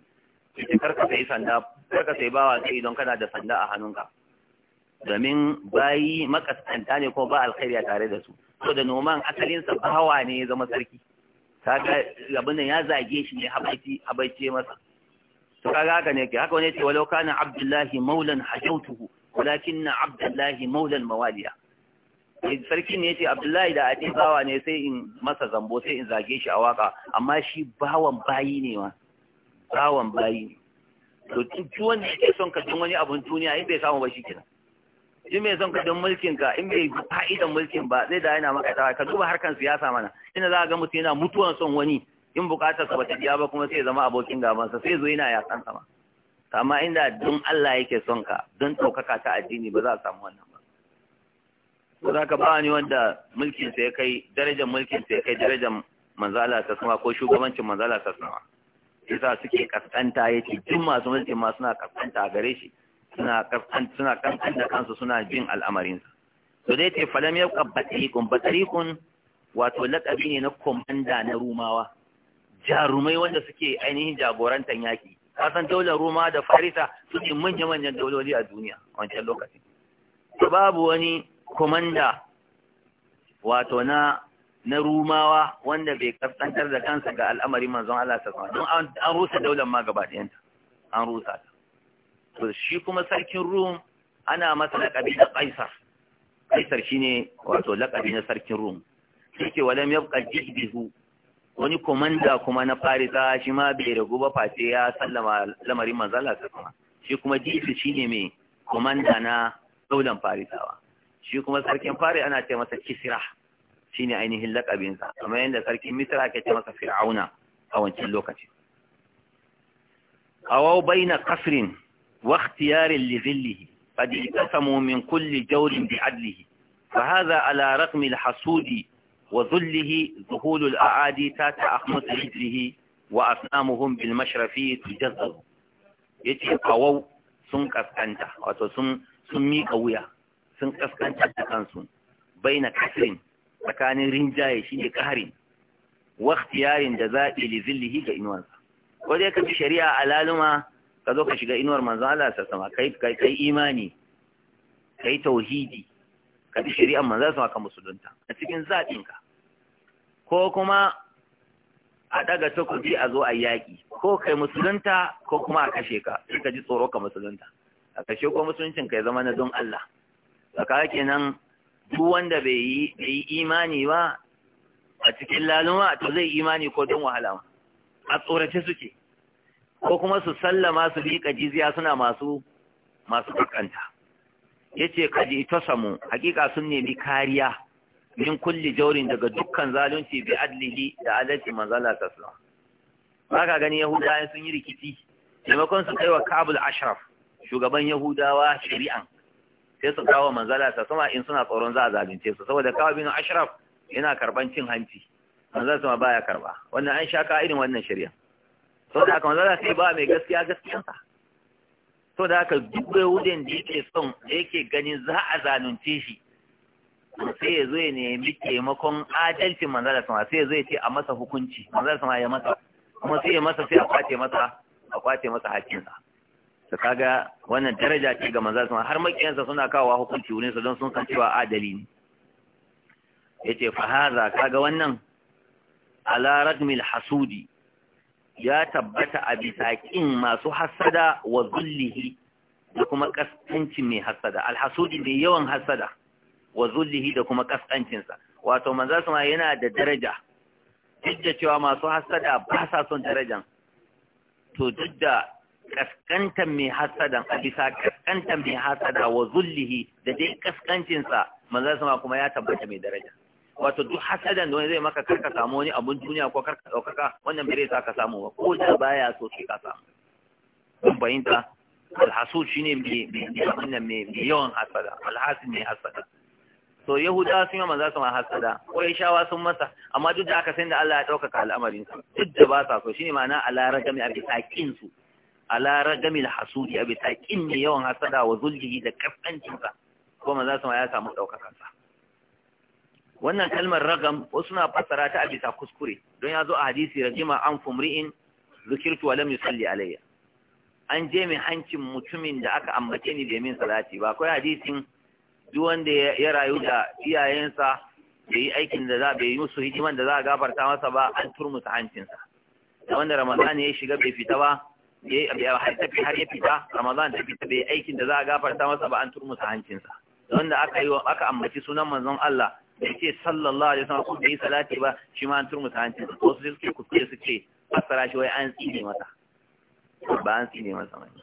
ki karka sai sanda karka sai bawa sai don kana da sanda a hannunka domin bayi makasanta ne ko ba alkhairi tare da su to da noman asalin sa bawa ne ya zama sarki kaga abin ya zage shi ne habaiti habaice masa kaga haka ne ke haka wani ce walau kana abdullahi maulan hajautuhu walakin na abdullahi maulan mawaliya sarki ne ce abdullahi da ake bawa ne sai in masa zambo sai in zage shi a waka amma shi bawan bayi ne ma bawan bayi ne to duk wanda yake son ka don wani abun duniya in bai samu ba shi kenan in bai son ka don mulkin ka in bai fa'idan mulkin ba zai da yana maka tsawa ka duba harkan siyasa mana ina za ka ga mutum yana mutuwan son wani in bukatar sa bata biya ba kuma sai zama abokin gabansa sai zo yana yakan sama amma inda don Allah yake son ka don ɗaukaka ta addini ba za a samu wannan ba ko za ka ba ni wanda mulkin sa ya kai darajar mulkin sa ya kai darajar manzala ta sama ko shugabancin manzala ta sama yasa suke kaskanta yake duk masu mulkin ma suna kaskanta a gare shi suna kaskanta suna kaskanta kansu suna jin al'amarin sa to dai ce falam yabqa batariqun batariqun wato laqabi ne na komanda na rumawa jarumai wanda suke ainihin jagorantar yaki kasan daular Roma da Farisa su ne manya-manyan dauloli a duniya wancan lokacin to babu wani komanda wato na na Rumawa wanda bai kaskantar da kansa ga al'amarin manzon Allah ta sama don an rusa daular ma gaba ɗayanta an rusa ta to shi kuma sarkin Rum ana masa laƙabi da Qaisar Qaisar shine wato laƙabi na sarkin Rum yake walam yabqa jihdihu wani komanda kuma na farisa shi ma bai ragu ba face ya sallama lamarin manzala ta kuma shi kuma jisu shi ne mai komanda na daudan farisawa shi kuma sarkin fari ana ce masa kisra shi ne ainihin lakabinsa kamar yadda sarkin misra ke ce masa fir'auna a wancan lokaci awau baina kasrin wa ikhtiyarin li zillihi qad ikasamu min kulli jawrin bi adlihi fa haza ala rakmil hasudi wa zullihi zuhulul a'adi ta ta'akhmus rijlihi wa asnamuhum bil mashrafi tujazzabu yace kawau sun kaskanta wato sun sun mika wuya sun kaskanta da kansu baina kasrin tsakanin rinjaye shine kaharin wa ikhtiyarin da za'i li zillihi ga inuwansa ko dai ka bi shari'a alaluma ka zo ka shiga inuwar manzon Allah kai kai imani kai tauhidi ka bi shari'ar manzon sallallahu alaihi musulunta a cikin zaɓin ka. ko kuma a ɗaga takobi a zo a yaƙi ko kai musulunta ko kuma a kashe ka sai ka ji tsoro ka musulunta a kashe ko musuluncin kai zama na don Allah saka nan duk wanda bai yi imani ba a cikin laluma to zai imani ko don wahala a tsorace suke ko kuma su sallama su liƙa jiziya suna masu masu kakanta yace kaji ita samu hakika sun nemi kariya min kulli jaurin daga dukkan zalunci bi adlihi da adalci manzala ta sallam baka gani yahudawa sun yi rikici maimakon su kai wa kabul ashraf shugaban yahudawa shari'an sai su kawo manzala ta sama in suna tsoron za a zalunce su saboda kabul ashraf yana karban cin hanci manzala ta baya karba wannan an ka irin wannan shari'a saboda haka manzala sai ba mai gaskiya gaskiyansa saboda haka duk yahudin da yake son da yake ganin za a zalunce shi sai ya zo ya nemi taimakon adalcin manzala sama sai ya zo ya ce a masa hukunci manzala sama ya masa kuma sai ya masa sai a kwace masa a kwace masa hakinsa to kaga wannan daraja ce ga manzala sama har makiyansa suna kawo hukunci wurin sa don sun san cewa adali ne yace fa haza kaga wannan ala ragmil hasudi ya tabbata a bisa kin masu hasada wa zullihi da kuma kaskancin mai hasada alhasudi mai yawan hasada wa zullihi da kuma kaskancinsa wato manzo sama yana da daraja duk da cewa masu hasada ba sa son darajan to duk da kaskantan mai hasadan a bisa kaskantan mai hasada wa zullihi da dai kaskancinsa manzo sama kuma ya tabbata mai daraja wato duk hasadan da wani zai maka karka samu wani abun duniya ko karka daukaka wannan bai sa ka samu ba ko da baya so sai ka samu kun fahimta alhasu shine mai mai yawan hasada alhasin mai hasada to yahuda sun yi manzo sama hasada quraishawa sun masa amma duk da aka san da Allah ya daukaka al'amarin su duk da ba sa so shine ma'ana ala ragami a taqin su ala ragami al-hasudi abi taqin ne yawan hasada wa zuljihi da kafancin sa ko manzo sama ya samu daukaka sa wannan kalmar ragam wasu na fassara ta a bisa kuskure don ya zo a hadisi rajima an fumri'in zukirtu wa lam yusalli alayya an je mai hancin mutumin da aka ambace ni da min salati ba akwai hadisin duk wanda ya rayu da iyayensa bai yi aikin da za bai yi musu hikiman da za a gafarta masa ba an turmusa hancinsa da wanda ramadan ya shiga bai fita ba har har ya fita ramadan ta fita bai aikin da za a gafarta masa ba an turmusa hancinsa da wanda aka yi aka ambaci sunan manzon Allah da ce sallallahu alaihi wasallam ko bai salati ba shi ma an turmusa hancinsa wasu sai suke kuskure suke fassara shi wai an tsine masa ba an tsine masa ma'ana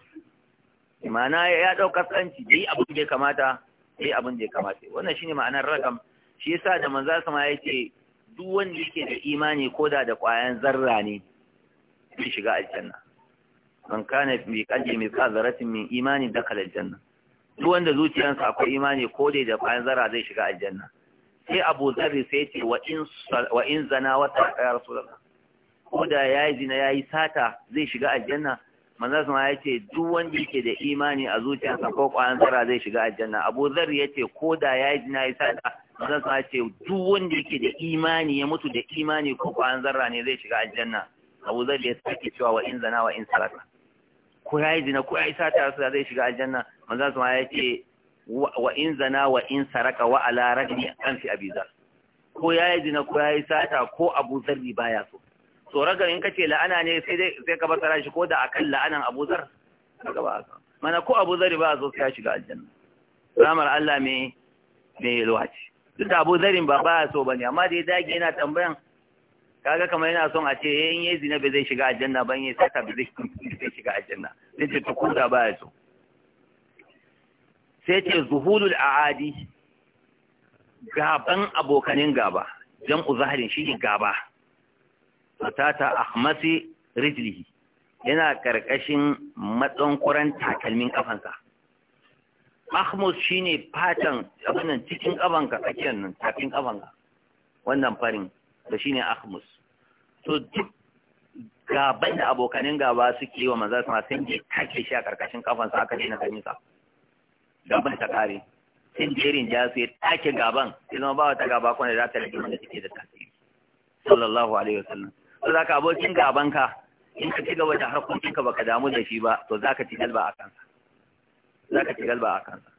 imana ya ɗaukar tsanci yi abu da kamata sai abin da ya kamata wannan shine ma'anar rakam shi yasa da manzo sama ce duk wanda yake da imani koda da ƙwayan zarra ne zai shiga aljanna man kana bi qalbi mithqal zarafin min imani dakhala aljanna duk wanda zuciyarsa akwai imani ko da da ƙwayan zarra zai shiga aljanna sai Abu Dharr sai ce wa in wa in zana wa ta ya rasulullah ko da yayi zina yayi sata zai shiga aljanna manzon sama ya ce duk wanda yake da imani a zuciyarsa ko kwayan tsara zai shiga aljanna abu zar ya ce ko da ya yi na yi sada manzon sama ya ce duk wanda yake da imani ya mutu da imani ko kwayan zarra ne zai shiga aljanna abu zar ya sake cewa wa in zana wa in sarata ko ya yi zina ko ya yi sata sa zai shiga aljanna manzon sama ya ce wa in zana wa in saraka wa ala rajmi an fi abiza ko ya yi zina ko ya yi sata ko abu zarri baya so tsoragar in kace la'ana ne sai dai sai ka basara shi ko da akan la'anan Abu Zar kaga ba haka mana ko Abu Zar ba zo sai ya shiga aljanna ramar Allah me me yalwaci duk da Abu Zarin ba ba so bane amma dai dage yana tambayan kaga kamar yana son a ce eh, in yayi zina bai zai shiga aljanna ban yayi saka bai zai shiga aljanna ne ce to kuda ba so sai ce zuhulul aadi gaban abokanin gaba jam'u zahirin shi gaba fatata ahmasi rijlihi yana karkashin matsankuran takalmin kafansa ahmus shine fatan abinan cikin kafanka tsakiyar nan tafin kafanka wannan farin da shine ahmus to duk gaban da abokanin gaba suke wa maza sama sun je take shi a karkashin kafansa aka dina kanisa gaban ta kare sun jerin ja sai ya take gaban sai zama ba wata gaba kuma da ta rage mana take da tasiri sallallahu alaihi wasallam za ka abokin gabanka in ka ci gaba da harkokinka baka damu da shi ba to za ka ci galba a kansa za ka ci galba a kansa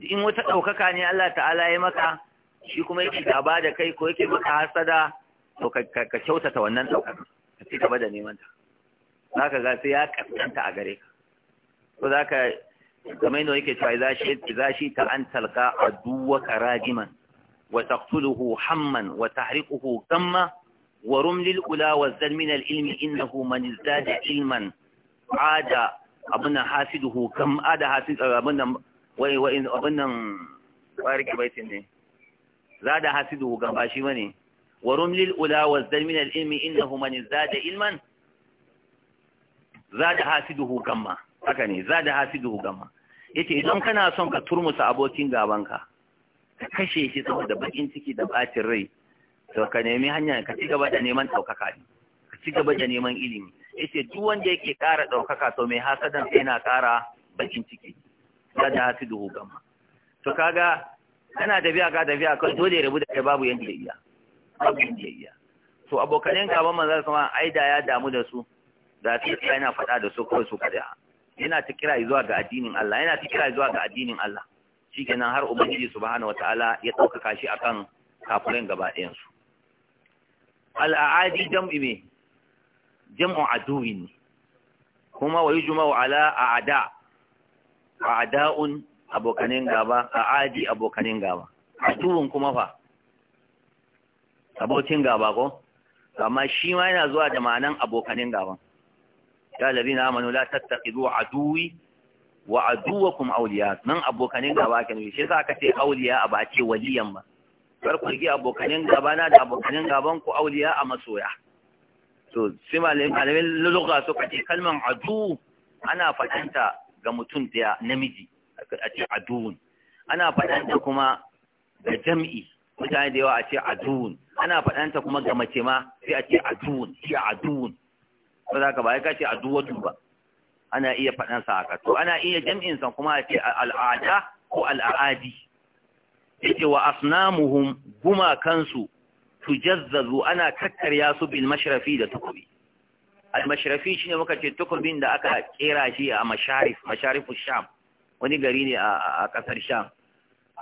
in wata ɗaukaka ne Allah ta'ala ya maka shi kuma yake gaba da kai ko yake maka hasada to ka kyautata wannan ɗaukaka ka ci gaba da neman ta za ka ga sai ya kaskanta a gare ka to za ka kamar yadda yake cewa za shi ta an talka a duwaka rajiman wa taqtuluhu hamman wa tahriquhu gamma ورم للأولى والزل من العلم إنه من ازداد علما عاد أبنى حاسده كم عاد حاسد أبنى وإن أبنى بارك بيتني زاد حاسده كم باشي مني ورم للأولى والزل من العلم إنه من ازداد علما زاد hasiduhu كم أكني زاد zada كم gamma yace idan kana son ka turmusa abokin gabanka ka kashe shi saboda bakin ciki da bacin rai to ka nemi hanya ka ci gaba da neman ɗaukaka ne ka ci gaba da neman ilimi yace duk wanda yake ƙara ɗaukaka to mai hasadan sai yana ƙara bakin ciki kada duhu gama to kaga kana tafiya da tafiya kai dole rabu da kai babu ya iya babu ya iya to abokanen gaban manzo kuma ai da ya damu da su da su yana faɗa da su kawai su kada yana ta kira zuwa ga addinin Allah yana ta kira zuwa ga addinin Allah shikenan har ubangiji subhanahu wataala ya ɗaukaka shi akan kafirin gaba ɗayan su al'adi jam'i me aduwi ne. kuma wa juma'u ala a'da a'da'un abokanin gaba a'adi abokanin gaba aduwin kuma fa abokin gaba ko amma shi ma yana zuwa da ma'anan abokanin gaban na labina amanu la tattaqidu aduwi wa kuma auliya, nan abokanin gaba yi, shi yasa ka ce auliya a ba ce waliyan ba Karkwarki, ku abokanin gabana da abokanin gaban ku auliya a masoya to sai malamin lugha suka ce kalman adu ana fadanta ga mutum daya namiji a ce aduun ana fadanta kuma ga jam'i mutane da yawa a ce aduun ana fadanta kuma ga mace ma sai a ce aduun shi aduun ba za ka ba ya kace aduwatu ba ana iya fadansa haka to ana iya jam'in san kuma a ce al'ada ko al'adi yace wa asnamuhum gumakansu tujazzazu ana kakkarya su bil mashrafi da tukubi al mashrafi shine muka ce tukubin da aka kera shi a masharif masharifu sham wani gari ne a kasar sham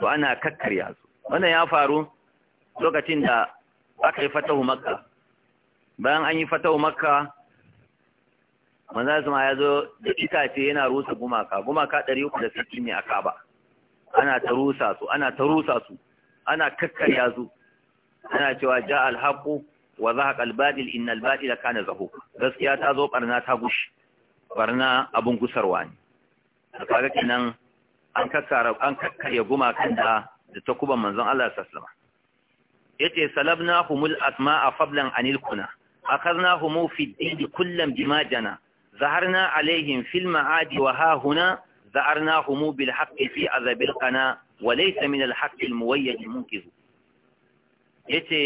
to ana kakkarya su wannan ya faru lokacin da aka yi fatahu makka bayan an yi fatahu makka manzo ya zo da itace yana rusa gumaka gumaka 360 ne a kaba ana ta rusa su ana ta rusa su ana kakkarya su ana cewa ja alhaqu wa zahaqa albadil inna albadila kana zahuq gaskiya ta zo barna ta gushi barna abun gusarwa ne kaga kenan an kakkara an kakkarya gumakan da da takuban manzon Allah sallallahu alaihi wasallam yace salabnahumul asma'a fablan anil kuna أخذناهم في الدين كلا jana. جنى ظهرنا عليهم في المعاد وها هنا za'arnahum bil haqqi fi azabil qana wa laysa min al haqqi al muwayyad munkiz yace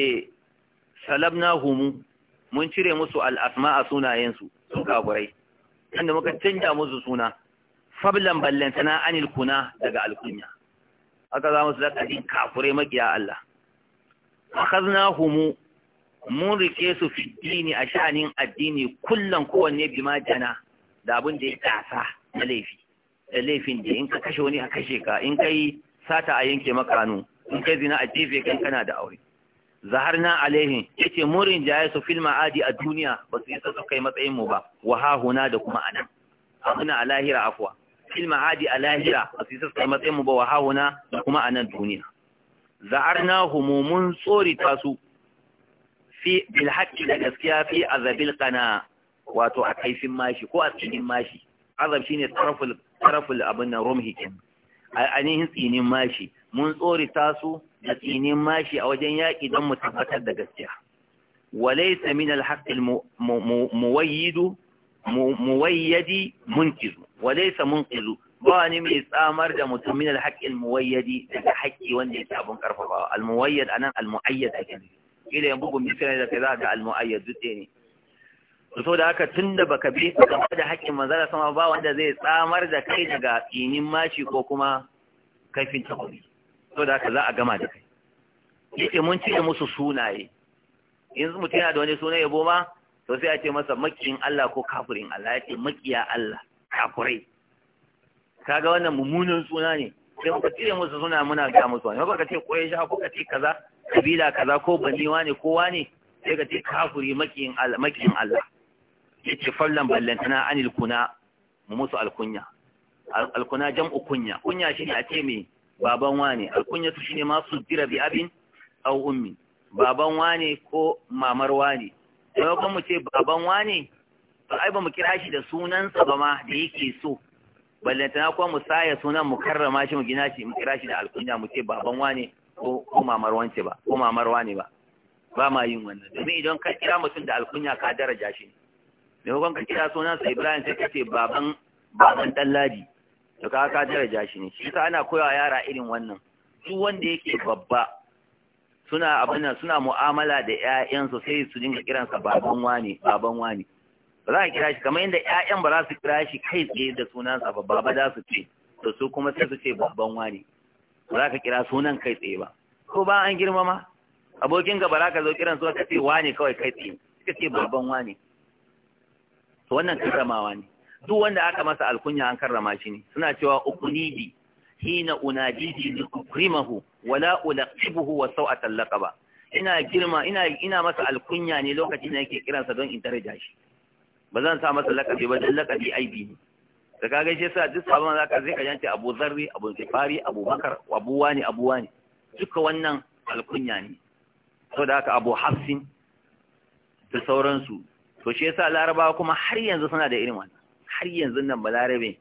salabnahum mun cire musu al asma'a sunayen su su kafurai inda muka canja musu suna fablan ballantana anil kuna daga alkunya aka za musu lakabin kafurai makiya Allah akhadnahum mun rike su fi a sha'anin addini kullum kowanne bima jana da abin da ya kasa na laifi laifin da in ka kashe wani a kashe ka in kai sata a yanke maka hannu in kai zina a jefe kan kana da aure Zahar na zaharna ya ce murin jaye su fil ma'adi a duniya ba su isa su kai matsayin mu ba wa ha huna da kuma anan abuna a lahira afwa fil ma'adi a lahira ba su isa su kai matsayin mu ba wa ha da kuma anan duniya zaharna humumun tsori ta su fi bil haqqi da gaskiya fi azabil qana wato a kaifin mashi ko a cikin mashi azab shine taraful taraful abin nan rumhi kin ainihin tsinin mashi mun tsorita su da tsinin mashi a wajen yaki don mu tabbatar da gaskiya walaysa min al-haqq al-muwayyid munkiz walaysa munkiz ba ni mai tsamar da mutum min al-haqq al-muwayyadi daga haƙƙi wanda yake abun karfafawa al-muwayyad anan al-muayyad ake ila yan bugun misali da kaza ga al-muayyad dutse ne so da haka tun da baka bi gaba da haƙƙin da sama ba wanda zai tsamar da kai daga tsinin mashi ko kuma kaifin takobi so da haka za a gama da kai yake mun cire musu sunaye in mutum yana da wani sunaye, yabo ma to sai a ce masa makiyin Allah ko kafirin Allah ya ce makiya Allah kafirai kaga wannan mummunan suna ne sai muka cire musu suna muna ga musu wani ka ce koyi sha ko ka ce kaza kabila kaza ko baniwa ne kowa ne sai ka ce kafiri makiyin Allah yace fallan ballantana anil kuna mu musu alkunya alkuna jam'u kunya kunya shi ne a ce me baban wane alkunya su shine masu jira bi abin aw ummi baban wane ko mamar wane sai kuma mu ce baban wane to ai ba mu kira shi da sunansa ba ma da yake so ballantana kuma mu saya sunan mu karrama shi mu gina shi mu kira shi da alkunya mu ce baban wane ko ko mamar wance ba ko mamar wane ba ba ma yin wannan domin idan ka kira mutum da alkunya ka daraja shi ne. da hukun ka kira sunansa ibrahim sai ka ce baban baban dallaji to ka ka daraja shi ne shi sa ana koyawa yara irin wannan duk wanda yake babba suna abin nan suna mu'amala da su sai su dinga kiransa baban wani baban wani ba za ka kira shi kamar inda ƴaƴan ba za su kira shi kai tsaye da sunansa ba baba za su ce to su kuma sai su ce babban wani ba za ka kira sunan kai tsaye ba ko ba an girmama abokin ka ba za ka zo kiran sunan ka ce wani kawai kai tsaye ka ce babban wani to wannan karramawa ne duk wanda aka masa alkunya an karrama shi ne suna cewa ukunidi hina unadiji li ukrimahu wala ulaqibuhu wa sawat al-laqaba ina girma ina ina masa alkunya ne lokacin da yake kiransa don in daraja shi ba zan sa masa laqabi ba dan laqabi aibi ne da kaga shi yasa duk sabon zaka zai ka jance Abu Zarri Abu Zifari Abu Bakar Abu Wani Abu Wani duka wannan alkunya ne saboda haka Abu Hafsin da sauransu to shi yasa larabawa kuma har yanzu suna da irin wannan har yanzu nan balarabe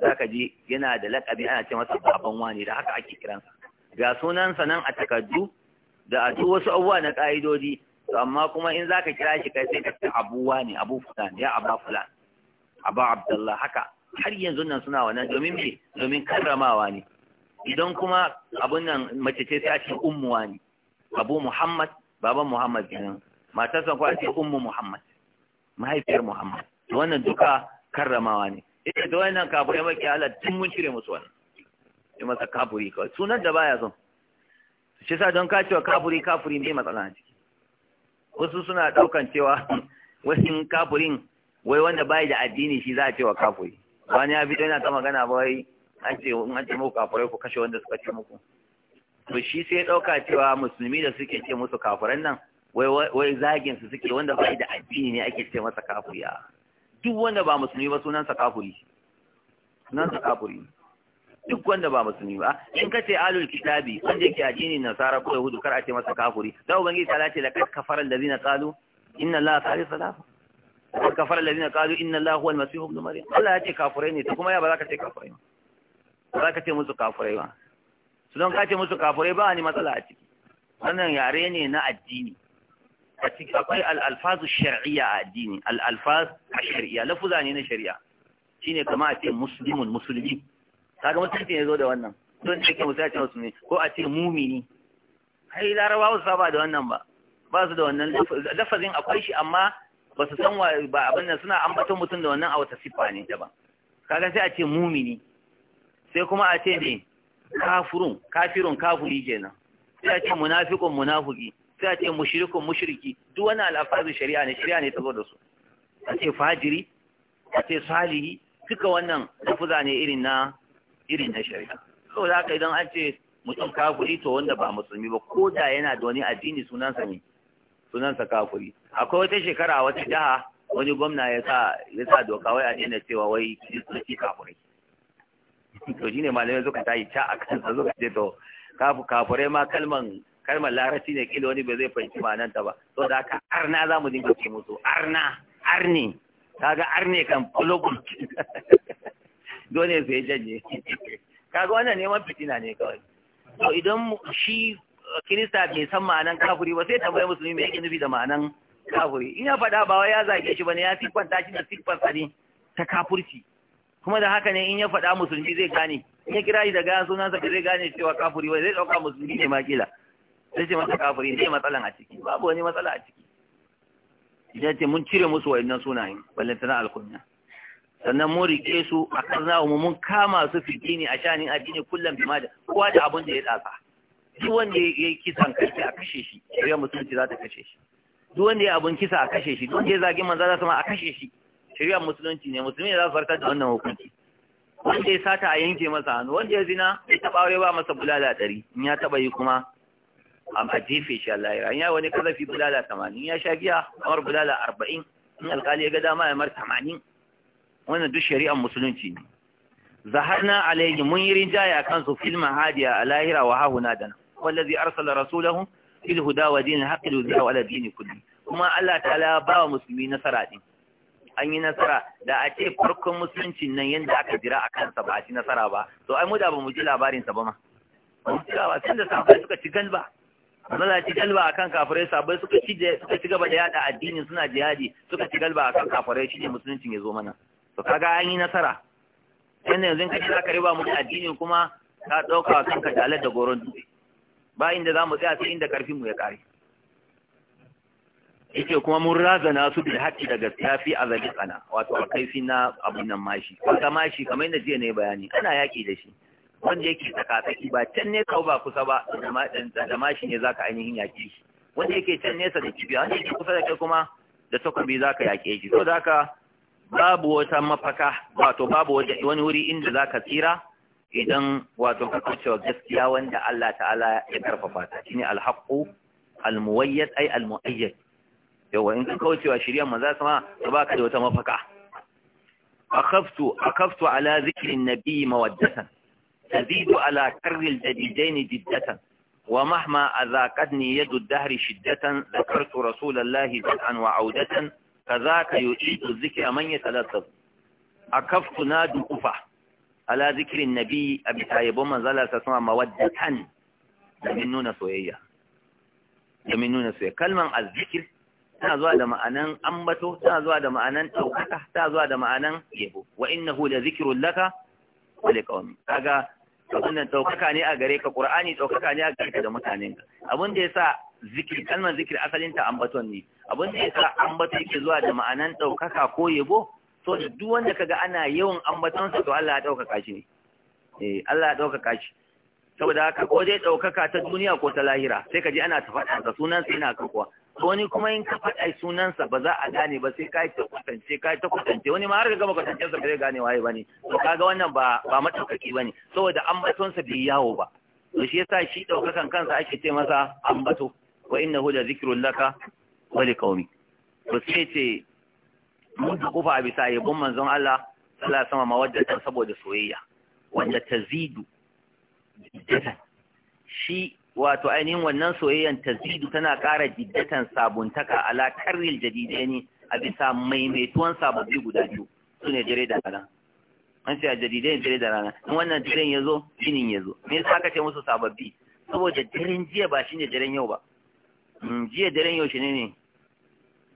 zaka ji yana da lakabi ana ce masa baban wani da haka ake kiransa ga sunansa nan a takardu da a ci wasu abubuwa na ƙa'idodi amma kuma in zaka kira shi kai sai ka ce abu wani abu fulan ya aba fulan aba abdullah haka har yanzu nan suna wannan domin me domin karramawa ne idan kuma abun nan mace ce ta ce ummu wani abu muhammad baban muhammad kenan matarsa ko a ce ummu muhammad mahaifiyar Muhammad wannan duka karramawa ne ita da wannan kafirai maki Allah tun mun cire musu wannan sai masa kafuri kawai sunan da baya son shi sa don ka cewa kafuri kafuri ne matsala ne wasu suna daukan cewa wasu kafurin wai wanda bai da addini shi za a cewa kafuri. wani ya fito yana ta magana ba wai an ce in an ce muku kafurai ku kashe wanda suka ce muku to shi sai ya dauka cewa musulmi da suke ce musu kafuran nan wai zagin su suke wanda bai da addini ne ake ce masa kafiri duk wanda ba musulmi ba sunan sa kafuri sunan sa kafuri duk wanda ba musulmi ba in ka ce alul kitabi wanda yake addini nasara ko yahudu kar a ce masa kafuri da ubangiji ta lace laqad kafara allazina qalu inna allaha thalithu thalatha laqad kafara allazina qalu inna allaha huwa almasih ibn maryam Allah ya ce kafurai ne to kuma ya ba za ka ce kafirai ba za ka ce musu kafurai ba sunan ka ce musu kafurai ba ni matsala a ciki wannan yare ne na addini akwai al'alfazu shar'iyya a addini al'alfaz a shari'a lafuza ne na shari'a shine kama a ce Musulmin musulmi kaga musulmi ne zo da wannan don da yake musulmi wasu ne ko a ce mumini ai larabawa su saba da wannan ba ba su da wannan lafazin akwai shi amma ba su san ba abin nan suna ambaton mutum da wannan a wata siffa ne daban kaga sai a ce mumini sai kuma a ce ne kafirun kafirun kafiri kenan sai a ce munafiqun munafiki sai a ce mushrikun mushriki duk wani al'afazu shari'a ne shari'a ne ta zo da su a ce fajiri a ce salihi duka wannan lafuza ne irin na irin na shari'a so za ka idan an ce mutum kafuri, to wanda ba musulmi ba ko da yana da wani addini sunansa ne sunansa kafuri akwai wata shekara a wata jiha wani gwamna ya sa ya sa doka wai a daina cewa wai kiristoci kafurai to shine malamai suka yi ca a kansa suka ce to kafu ma kalman kalmar larabci ne kila wani ba zai fahimci ma'anar ta ba to da haka arna za mu dinga ce musu arna arne kaga arne kan kulubun dole sai janye kaga wannan neman fitina ne kawai to idan shi uh, kirista bai san ma'anar kafuri ba sai tambayi musulmi mai nufi da ma'anar kafuri in ya faɗa ba wai ya zage shi bane ya siffanta shi da siffarsa ne ta kafurci kuma da haka ne in ya faɗa musulmi zai gane in ya kira shi da gayan sunansa zai gane cewa kafuri ba zai ɗauka musulmi ne ma kila sai ce masa kafiri ne matsalan a ciki babu wani matsala a ciki Idan ce mun cire musu wa'annan sunayen na alkunya sannan mun rike su a kan za mu mun kama su fitini a shanin addini kullum bi mada kowa da abin da ya tsaka duk wanda ya yi kisan kashi a kashe shi ya musulunci za ta kashe shi duk wanda ya abun kisa a kashe shi duk wanda ya zagi manzo za su ma a kashe shi shari'a musulunci ne musulmi ne za su farkar da wannan hukunci wanda ya sata a yanke masa hannu wanda ya zina ya taɓa aure ba masa bulala ɗari in ya taɓa yi kuma am a jefe shi Allah ya ya wani kazafi bulala tamanin ya sha giya kamar bulala arba'in in alkali ya ga dama ya mar tamanin wannan duk shari'ar musulunci ne zaharna alayhi mun yi rinjaya akan su fil hadiya a lahira wa hahuna dana wallazi arsala rasulahu fil huda wa dinil haqqi yudhi'u ala dini kulli kuma Allah ta'ala ba wa musulmi nasara din an yi nasara da a ce farkon musulunci nan yadda aka jira a kansa ba a ci nasara ba to ai mu da ba mu ji labarinsa ba ma ba mu ji labarin da sahabbai suka ci gan ba Allah ci galba akan kafirai sabai suka ci suka ci gaba da yada addini suna jihadi suka ci galba akan kafirai shine musuluncin zo mana to kaga an yi nasara yanda yanzu kace zaka riba mu addini kuma ka dauka kanka da da goron dutse ba inda zamu tsaya sai inda karfin mu ya kare yake kuma mun razana su bil haqqi da gaskiya fi azabi tsana wato a kaifi na abun nan mashi kaga mashi kamar yadda jiya ne bayani ana yaki da shi wanda yake tsakatsaki ba can ne kawo ba kusa ba da mashi ne ka ainihin yaƙe shi wanda yake can nesa da kibiya wanda yake kusa da kai kuma da takobi za ka yaƙe shi to za ka babu wata mafaka wato babu wani wuri inda za ka tsira idan wato ka kaucewa gaskiya wanda Allah ta'ala ya karfafa ta ne alhaqu almuwayyad ai almuayyad yawa in ka kaucewa shirya maza sama to ka da wata mafaka akhaftu akhaftu ala zikri nabi mawaddatan تزيد على كر الجديدين جدة ومهما أذاقتني يد الدهر شدة ذكرت رسول الله بدءا وعودة كذاك يعيد الذكر من يتلذذ أكفت ناد كفة على ذكر النبي أبي طالب من زال تسمع مودة يمنون سوية يمنون سوية كلمة الذكر tana zuwa da ma'anan ambato tana zuwa da ma'anan ɗaukaka tana zuwa da ma'anan yabo wa innahu la zikrun laka wa liqaumi kaga wannan ɗaukaka ne a gare ka ƙur'ani ɗaukaka ne a gare ka da mutanen ka abin da yasa zikir kalmar zikir asalin ta ambaton ne abin da yasa ambato yake zuwa da ma'anan ɗaukaka ko yabo so da duk wanda kaga ana yawan ambaton sa to Allah ya ɗaukaka shi ne eh Allah ya ɗaukaka shi saboda haka ko dai ɗaukaka ta duniya ko ta lahira sai ka ji ana ta ga sunan sa ina kakuwa wani kuma in ka faɗa sunansa ba za a gane ba sai kai ta kwatance kai ta kwatance wani ma har ka gama kwatance sa bai gane waye bane to kaga wannan ba ba matakaki bane saboda ambaton sa bai yawo ba to shi yasa shi daukakan kansa ake ce masa ambato wa innahu la zikrul laka wa liqaumi to sai ce mun ta kufa a bisa yabon manzon Allah sallallahu alaihi wasallam mawaddatan saboda soyayya wanda tazidu shi wato ainihin wannan soyayyan tazidu tana ƙara jiddatan sabuntaka ala karril jadidaini a bisa maimaituwan sababbi guda biyu su ne dare da rana an ce a jadidai dare da rana in wannan daren ya zo ginin ya zo me yasa aka ce musu sababbi saboda daren jiya ba shine daren yau ba hmm, jiya daren yau shine ne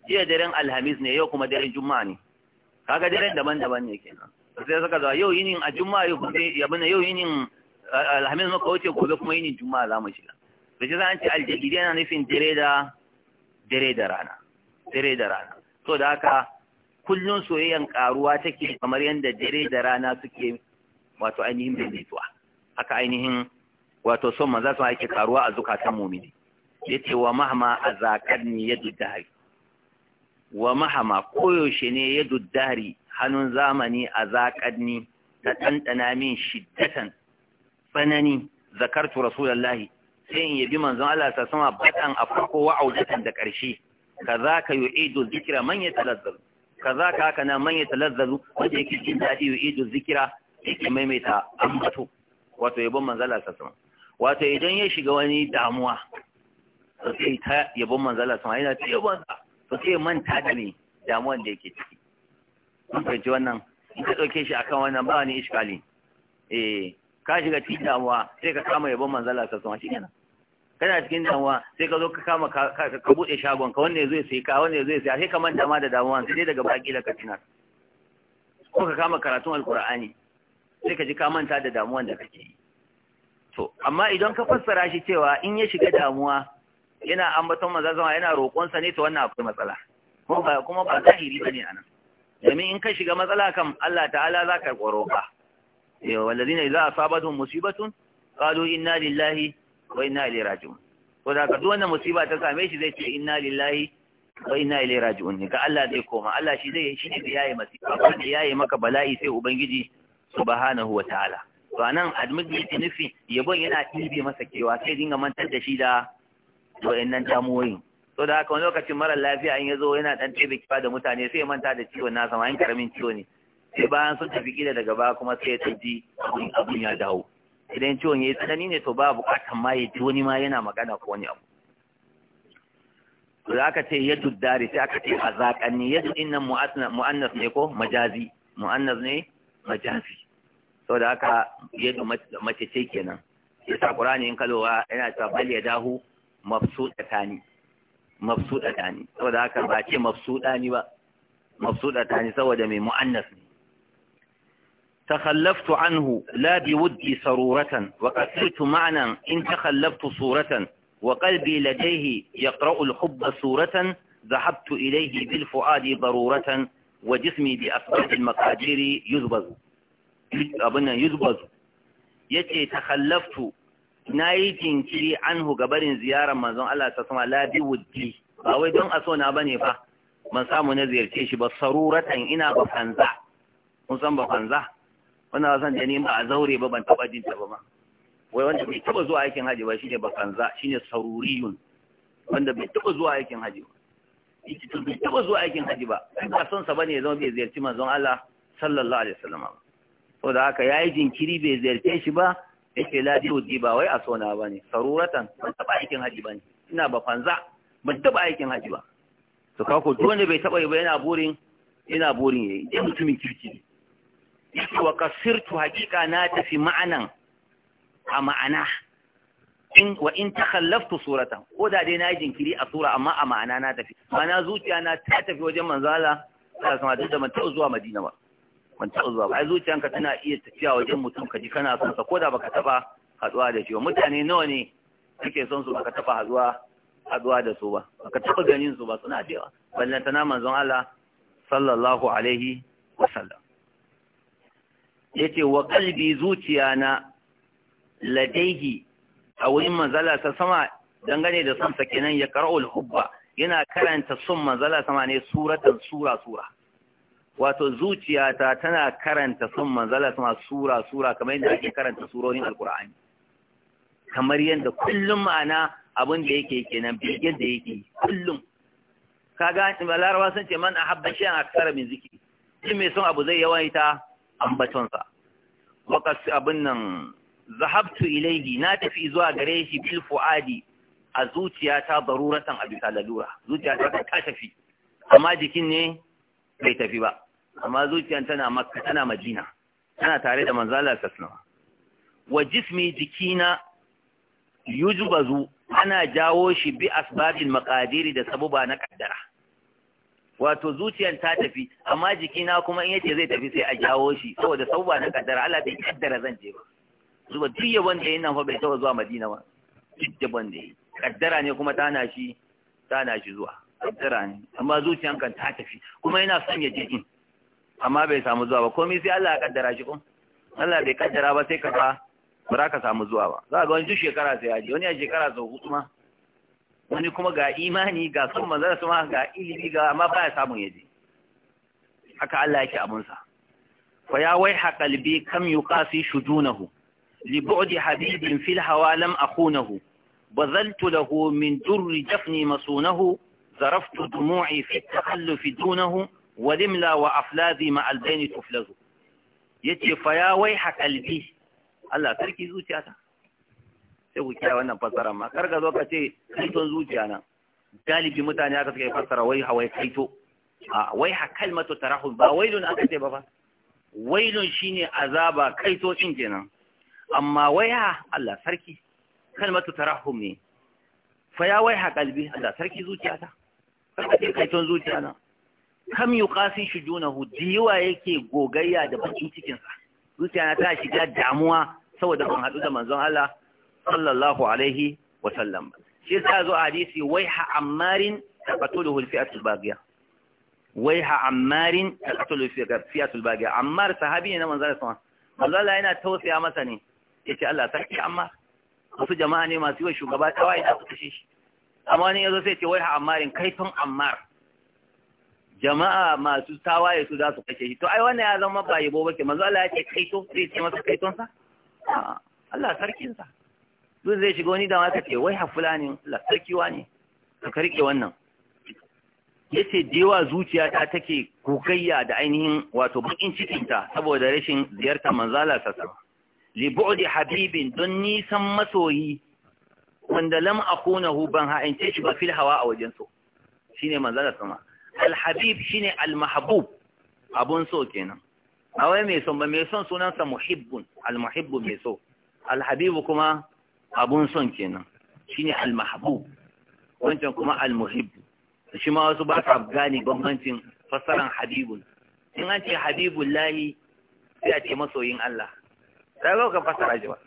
jiya daren alhamis ne yau kuma daren juma'a ne kaga daren daban-daban ne kenan sai suka zo yau yinin a juma'a yau yau yinin alhamis maka wuce gobe kuma yinin juma'a za mu shiga da shi za an ce aljadidi yana nufin dare da dare da rana dare da rana so da haka kullun soyayyan karuwa take kamar yadda dare da rana suke wato ainihin daidaituwa haka ainihin wato son maza su ake karuwa a zukatan mumini yace wa a zakar ni ya duddahari. wa mahama koyaushe ne ya duddahari. hannun zamani a ni ta ɗanɗana min shiddatan tsanani zakartu rasulullahi sai in yabi manzon Allah ta sama badan a farko wa audatan da kaza ka yu'idu dhikra man yatalazzalu kazaka haka na man yatalazzalu wanda yake cikin dadi yu'idu dhikra yake maimaita ambato wato yabon manzon Allah ta sama wato idan ya shiga wani damuwa sai ta yabon manzon Allah sama yana ta yabon sa to sai manta da me damuwan da yake ciki kun fahimci wannan in ka dauke shi akan wannan ba ni iskali eh ka shiga cikin damuwa sai ka kama yabon manzala ka sama shi kenan kana cikin damuwa sai ka zo ka kama ka bude shagon ka wanne zai sai ka wanne zai sai sai ka manta ma da damuwa sai dai daga baki da katina ko ka kama karatun alqur'ani sai ka ji ka manta da damuwan da kake yi to amma idan ka fassara shi cewa in ya shiga damuwa yana ambaton manzala yana roƙon sa ne to wannan akwai matsala kuma ba kuma ba zahiri bane anan domin in ka shiga matsala kam Allah ta'ala za ka ba. والذين إذا أصابتهم مصيبة قالوا إنا لله وإنا إليه راجعون وذا قد وانا مصيبة تسامي شي زي إنا لله وإنا إليه راجعون كا الله زي كوما الله شي زي شي ne yayi masifa ba yayi maka bala'i sai ubangiji subhanahu wa ta'ala to anan admit ne nufi yabon yana tibe masa kewa sai dinga mantar da shi da to da haka wani lokacin mara lafiya in yazo yana dan tibe kifa da mutane sai manta da ciwon nasa ma in karamin ciwo ne sai bayan sun tafi kila daga baya kuma sai ya tafi abin ya dawo idan ciwon ya yi tsanani ne to ba bukatan ma ya ji wani ma yana magana ko wani abu Za ka ce yadda dare sai aka ce a zaƙanni yadda innan mu'annas ne ko majazi mu'annas ne majazi sau da aka yadda mace ce kenan yasa ƙurani in kalowa yana cewa bal ya dahu mafsuɗa tani mafsuɗa tani sau da aka ba ce mafsuɗa ni ba mafsuɗa tani saboda mai mu'annas ne تخلفت عنه لا بودي سرورة وقتلت معنى إن تخلفت صورة وقلبي لديه يقرأ الحب سورة ذهبت إليه بالفؤاد ضرورة وجسمي بأسباب المقادير يذبز أبنا يذبز يتي تخلفت ناي جنكري عنه قبل زيارة منظوم الله تسمى لا بودي أو دون أسونا بني فا من سامو نزير تيشي بسرورة إنا بفنزع من سامو بفنزع wannan wasan da nema a zaure ba ban taɓa jin ta ba ma wai wanda bai taɓa zuwa aikin haji ba shine bakanza shine saruriyun wanda bai taɓa zuwa aikin haji ba yake to bai taɓa zuwa aikin haji ba ba son sa bane ya zama bai ziyarci manzon Allah sallallahu alaihi wasallam ba saboda haka yayi jinkiri bai ziyarce shi ba yake ladi wuji ba wai a sona bane saruratan ban taɓa aikin haji bane ina ba ban taɓa aikin haji ba to kako dole wanda bai taɓa yi ba yana burin ina burin yayi dai mutumin kirki yake wa kasirtu hakika na tafi ma'anan a ma'ana in wa in takhallaftu suratan ko da dai na yi jinkiri a sura amma a ma'ana na tafi ma'ana zuciya na ta tafi wajen manzala ta sama duk da man zuwa madina ba man zuwa ba ai zuciyanka tana iya tafiya wajen mutum ka ji kana son sa ko da baka taba haɗuwa da shi ba mutane nawa ne kake son su baka taba haɗuwa haduwa da su ba baka taba ganin su ba suna cewa yawa ballantana manzon Allah sallallahu alaihi wasallam yace wa kalbi zuciya na ladaihi a wurin manzala ta sama dangane da son kenan ya qara'ul hubba yana karanta son manzala sama ne suratan sura sura wato zuciyata tana karanta son manzala sama sura sura kamar yadda ake karanta surorin alkur'ani kamar yadda kullum ma'ana abin da yake kenan bilgin da yake kullum kaga larabawa sun ce man a shay'an akthara min ziki. shi mai son abu zai yawaita ambatonsa waqas abin nan zahabtu ilaihi na tafi zuwa gare shi bil fuadi a zuciyata daruratan a bisa zuciyata ta tafi amma jikin ne bai tafi ba amma zuciyan tana makka tana madina tana tare da manzala sasnawa wa jismi jikina yujbazu ana jawo shi bi asbabil maqadiri da sabuba na kaddara wato zuciyar ta tafi amma jikina kuma in yace zai tafi sai a jawo shi saboda sauba na kaddara Allah bai kaddara zan je ba zuba duk wanda yayin nan fa bai taba zuwa Madina ba duk wanda. da kaddara ne kuma tana shi tana shi zuwa kaddara ne amma zuciyan kan ta tafi kuma yana son ya je din amma bai samu zuwa ba komai sai Allah ya kaddara shi kun Allah bai kaddara ba sai ka ba za ka samu zuwa ba za ga wani duk shekara sai ya je wani ya shekara sau hudu ma wani kuma ga imani ga son manzon su ma ga ilimi ga amma ya samun yaji haka Allah yake abun fa ya wai haqalbi kam yuqasi shujunahu li bu'di habibin fil hawa lam akhunahu بذلت له من در جفني مصونه ذرفت دموعي في التخلف دونه ولملا وأفلاذي مع البين تفلذ Ya فيا ويحك قلبي Allah sarki zuciyata sai ku kiyaye wannan fassara ma kar ka zo ka ce kaiton zuciya na galibi mutane aka suka fassara wai hawai kaito a wai ha kalmatu tarahum ba wailun aka ce ba fa wailun shine azaba kaito din kenan amma wai ha Allah sarki kalmatu tarahum ne fa ya wai ha kalbi Allah sarki zuciya kar ka ce kaiton zuciya na kam yuqasi shujunahu diwa yake gogayya da bakin cikin sa zuciya na ta shiga damuwa saboda ban haɗu da manzon Allah sallallahu alaihi wa sallam shi sa zo hadisi wai ha ammarin taqatuluhu al-fi'atul baghiya wai ha ammarin taqatuluhu al-fi'atul baghiya ammar sahabi ne na manzon Allah manzon Allah yana tausaya masa ne yace Allah sarki ammar wasu jama'a ne masu yi wa shugaba tawaye da su kashe amma wani yazo sai ce wai ha ammarin kaifin ammar jama'a masu tawaye su za su kashe shi to ai wannan ya zama ba yabo bake manzo Allah ya ce kaito zai ce masa kaiton sa Allah sarkin sa duk zai shiga wani dama ka ce wai hafula ne sarkiwa ne ka karke wannan ya ce dewa zuciyata take kokayya da ainihin wato bakin cikinta saboda rashin ziyarta manzala sassa libu'di habibin don nisan masoyi wanda lam akunahu ban ha'ince shi ba fil hawa a wajen so shine manzala sama al habib shine al mahbub abun so kenan a wai mai son ba mai son sunansa muhibbun al muhibbu mai so al habibu kuma abun son kenan shine al-mahbub wancan kuma al-muhib shi ma wasu ba su gane bambancin fassaran habibun in an ce habibun lahi sai a ce masoyin Allah sai ga ka fassara ji ba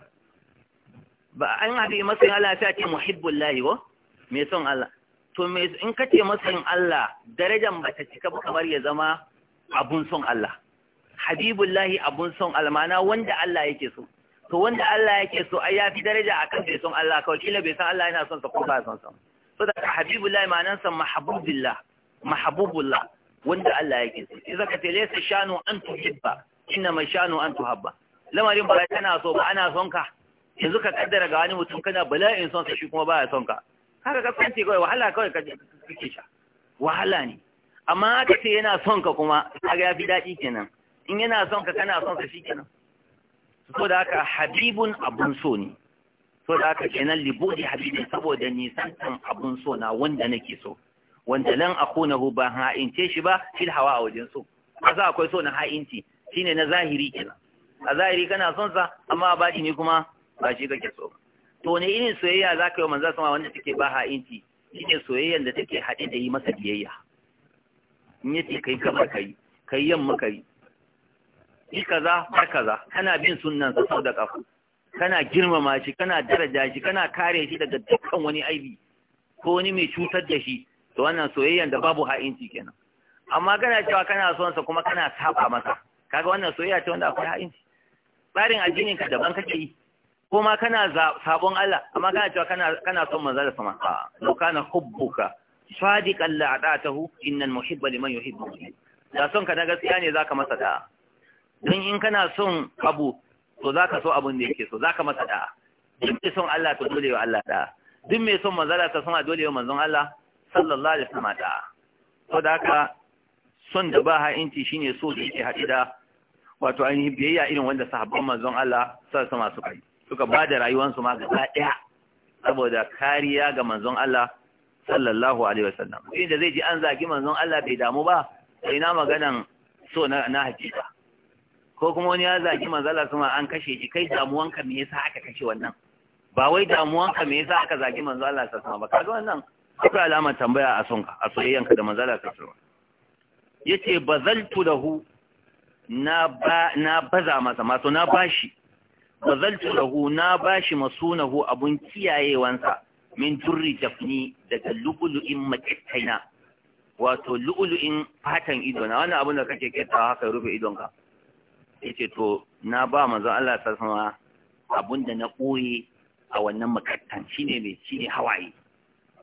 ba an haɗe masoyin Allah sai a ce muhibbun lahi ba mai son Allah to me in ka ce masoyin Allah darajar ba ta cika ba kamar ya zama abun son Allah habibun lahi abun son almana wanda Allah yake so to wanda Allah yake so ai ya fi daraja akan bai son Allah kawai kila bai san Allah yana son sa ko ba son sa so da habibullahi ma'anan sa mahbubullah mahbubullah wanda Allah yake so idan ka tele sa shanu an tuhibba inna ma shanu an tuhabba lamarin ba kana so ba ana son ka yanzu ka kaddara ga wani mutum kana bala'in son sa shi kuma baya son ka haka ka kwanci kawai wahala kawai ka kike sha wahala ne amma aka ce yana son ka kuma kaga ya fi daɗi kenan in yana son ka kana son sa shi kenan so da haka habibun abun so ne so da haka kenan libodi habibin saboda san abun so na wanda nake so wanda lan hu ba ha'ince shi ba fil hawa a wajen so za akwai so na ha'inci shine na zahiri kenan a zahiri kana son sa amma a ne kuma ba shi kake so to ne irin soyayya za ka yi manzo sama wanda take ba ha'inci shine soyayyar da take haɗe da yi masa biyayya in yace kai gaba kai kai yamma kai yi kaza har kaza kana bin sunnan sa sau da kafa kana girmama shi kana daraja shi kana kare shi daga dukkan wani aibi ko wani mai cutar da shi to wannan soyayyan da babu ha'inci kenan amma kana cewa kana son sa kuma kana saba masa kaga wannan soyayya ce wanda akwai ha'inci tsarin addinin ka daban kake yi ko ma kana sabon Allah amma kana cewa kana kana son manzo da sama a law kana hubbuka sadiqan la'atahu innal muhibba liman yuhibbu da son ka na gaskiya ne zaka masa da'a don in kana son abu to za ka so abin da yake so za ka masa da'a duk mai son Allah to dole wa Allah da'a duk mai son manzala ta sama dole wa manzon Allah sallallahu alaihi wasallam da'a to da haka son da ba ha'inci shine so da yake haɗi da wato ainihin biyayya irin wanda sahabban manzon Allah sallallahu alaihi wasallam suka yi suka ba da rayuwarsu ma gaba ɗaya saboda kariya ga manzon Allah sallallahu alaihi wasallam inda zai ji an zagi manzon Allah bai damu ba sai na maganan so na na hakika ko kuma wani ya zagi manzala sama an kashe shi kai damuwanka me yasa aka kashe wannan ba wai damuwanka me yasa aka zagi manzala sama ba kaga wannan akwai alamar tambaya a sonka a soyayyanka da manzala sama yace bazaltu lahu na ba na baza masa maso na bashi bazaltu lahu na bashi masunahu abun kiyayewansa min turri jafni daga lu'lu'in makittaina wato lu'lu'in fatan idona wannan abin da kake ketta haka rufe idonka ya ce to na ba manzon Allah sama abun da na koyi a wannan makartan shine ne shine hawaye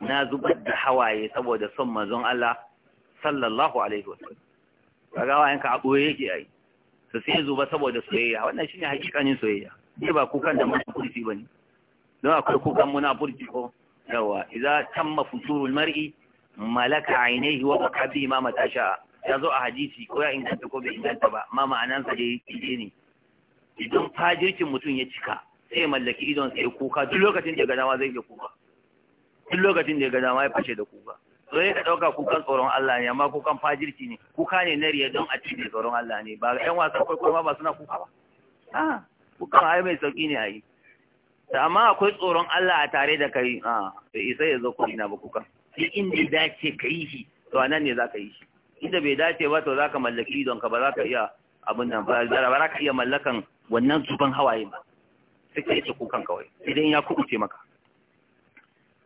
na zubar da hawaye saboda son manzon Allah sallallahu alaihi wasallam kaga wayan ka abu yake ai to sai zuba saboda soyayya wannan shine hakikanin soyayya ne ba kukan da ba bane don akwai kukan munafurci ko yawa idza tamma futurul mar'i malaka ainihi wa qabi ma matasha ya zo a hadisi ko ya inganta ko bai inganta ba ma ma'anansa dai ide ne idan fajirkin mutum ya cika sai ya mallaki idon sai kuka duk lokacin da ya gadawa zai iya kuka duk lokacin da ya gadawa ya fashe da kuka so ya ɗauka kukan tsoron Allah ne amma kukan fajirki ne kuka ne na riya don a cikin tsoron Allah ne ba ƴan wasan kwaikwayo ma ba suna kuka ba a kukan ai mai sauki ne ayi. yi amma akwai tsoron Allah a tare da kai a sai isa ya zo ko ina ba kuka duk inda ya dace ka yi shi to anan ne za ka yi shi inda bai dace ba to zaka mallaki don ka ba za ka iya abin nan ba za ka iya mallakan wannan zuban hawaye ba sai ka yi kukan kawai idan ya kubuce maka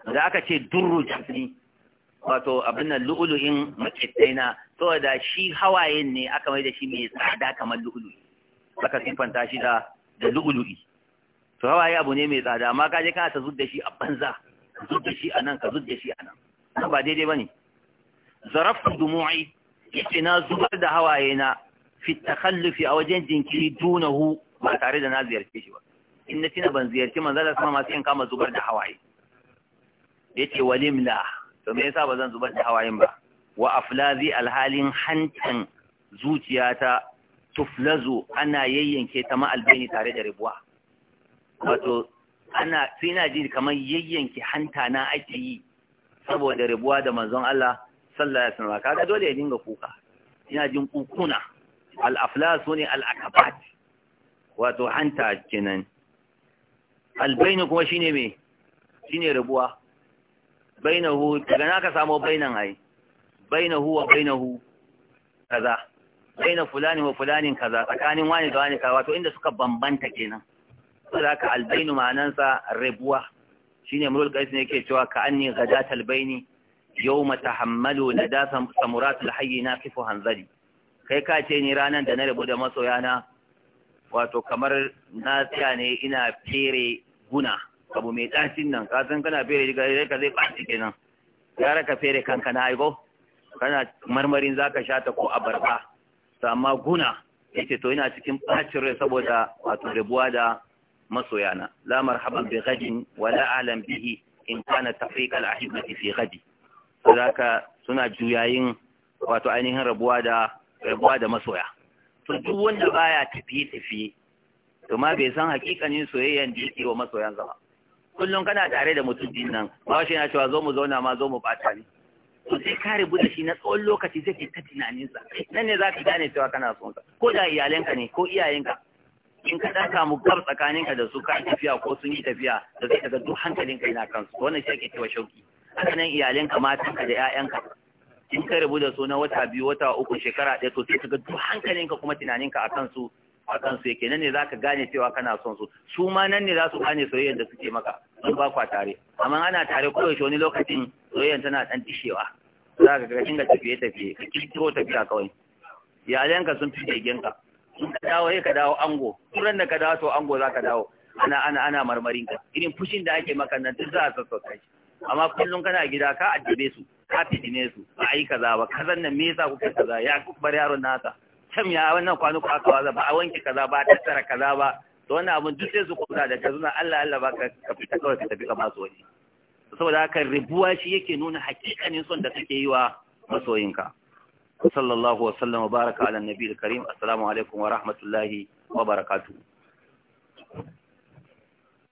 da aka ce durru jini wato abin nan lu'ulu'in makittaina saboda shi hawayen ne aka mai da shi mai tsada kamar lu'ulu'i saka siffanta shi da da lu'ulu'i to hawaye abu ne mai tsada amma kaje kana ta da shi a banza da shi anan ka da shi anan ba daidai bane Zarafu dumu'i Ina zubar da hawaye na fi a wajen jinkiri dunahu ba tare da na ziyarce shi ba in na tina ban ziyarci manzo Allah sama masu yin kama zubar da hawaye yace walimla to me yasa bazan zubar da hawayen ba wa aflazi alhalin hantan zuciyata tuflazu ana yayyanke ta ma albaini tare da ribuwa wato ana sai na ji kamar yayyanke hanta na ake yi saboda ribuwa da manzon Allah sallallahu alaihi wasallam kaga dole ya dinga kuka ina jin kukuna al-aflas ne al-akabat wato hanta kenan al-bayn kuma shine me shine rabuwa bainahu daga naka samu bainan ai bainahu wa bainahu kaza baina fulani wa fulanin kaza tsakanin wani da wani kaza wato inda suka bambanta kenan saboda ka al-bayn ma'anansa rabuwa shine mulul qais ne yake cewa ka anni ghadat al-bayni Yau yawma tahammalu lada samuratul na kifo hanzari. kai ka ce ni ranan da na rabu da masoyana wato kamar na tsaya ne ina fere guna abu mai ɗacin nan kasan kana fere diga sai ka zai ɓaci kenan gara ka fere kanka na kana marmarin zaka sha ta ko abarba to amma guna ce to ina cikin ɓacin rai saboda wato rabuwa da masoyana la marhaban bi gajin wala alam bihi in kana tafriq a ahibati fi gajin ka suna juyayin wato ainihin rabuwa da rabuwa da masoya to duk wanda baya tafiye tafiye to ma bai san hakikanin soyayyan da yake wa masoyan zama kullum kana tare da mutum din nan ba shi na cewa zo mu zauna ma zo mu bata ni to sai ka rubu da shi na tsawon lokaci zai ta tunanin sa nan ne za ka gane cewa kana son ka. ko da iyalanka ne ko iyayenka in ka dan samu gab tsakaninka da su ka tafiya ko sun yi tafiya da sai ga duk hankalinka yana kansu wannan shi ake cewa shauki haka nan iyalanka matanka da 'ya'yanka in ka rabu da su na wata biyu wata uku shekara ɗaya to sai ka ga duk hankalinka kuma tunaninka kan su kan su yake nan ne zaka gane cewa kana son su su ma nan ne za su gane soyayyar da suke maka don ba kwa tare amma ana tare kowace wani lokacin soyayyar tana ɗan dishewa za ka ga dinga tafiye tafiye ka kirkiro tafiya kawai iyalanka sun fi ka in ka dawo sai ka dawo ango turan da ka dawo to ango za ka dawo ana ana ana marmarinka irin fushin da ake maka nan duk za a sassauta shi amma kullum kana gida ka addabe su ka fitine su ba a yi kaza ba kazan nan me yasa kuka kaza ya bar yaron nasa can ya wannan kwanuka aka kaza ba a wanke kaza ba tattara kaza ba to wannan abin duk sai su kusa da ka Allah Allah baka ka fita kawai ka tafi ka masu waje. saboda haka ribuwa shi yake nuna hakikanin son da kake yi wa masoyinka sallallahu wa sallam wa baraka ala nabiyil karim assalamu alaikum wa rahmatullahi wa barakatuh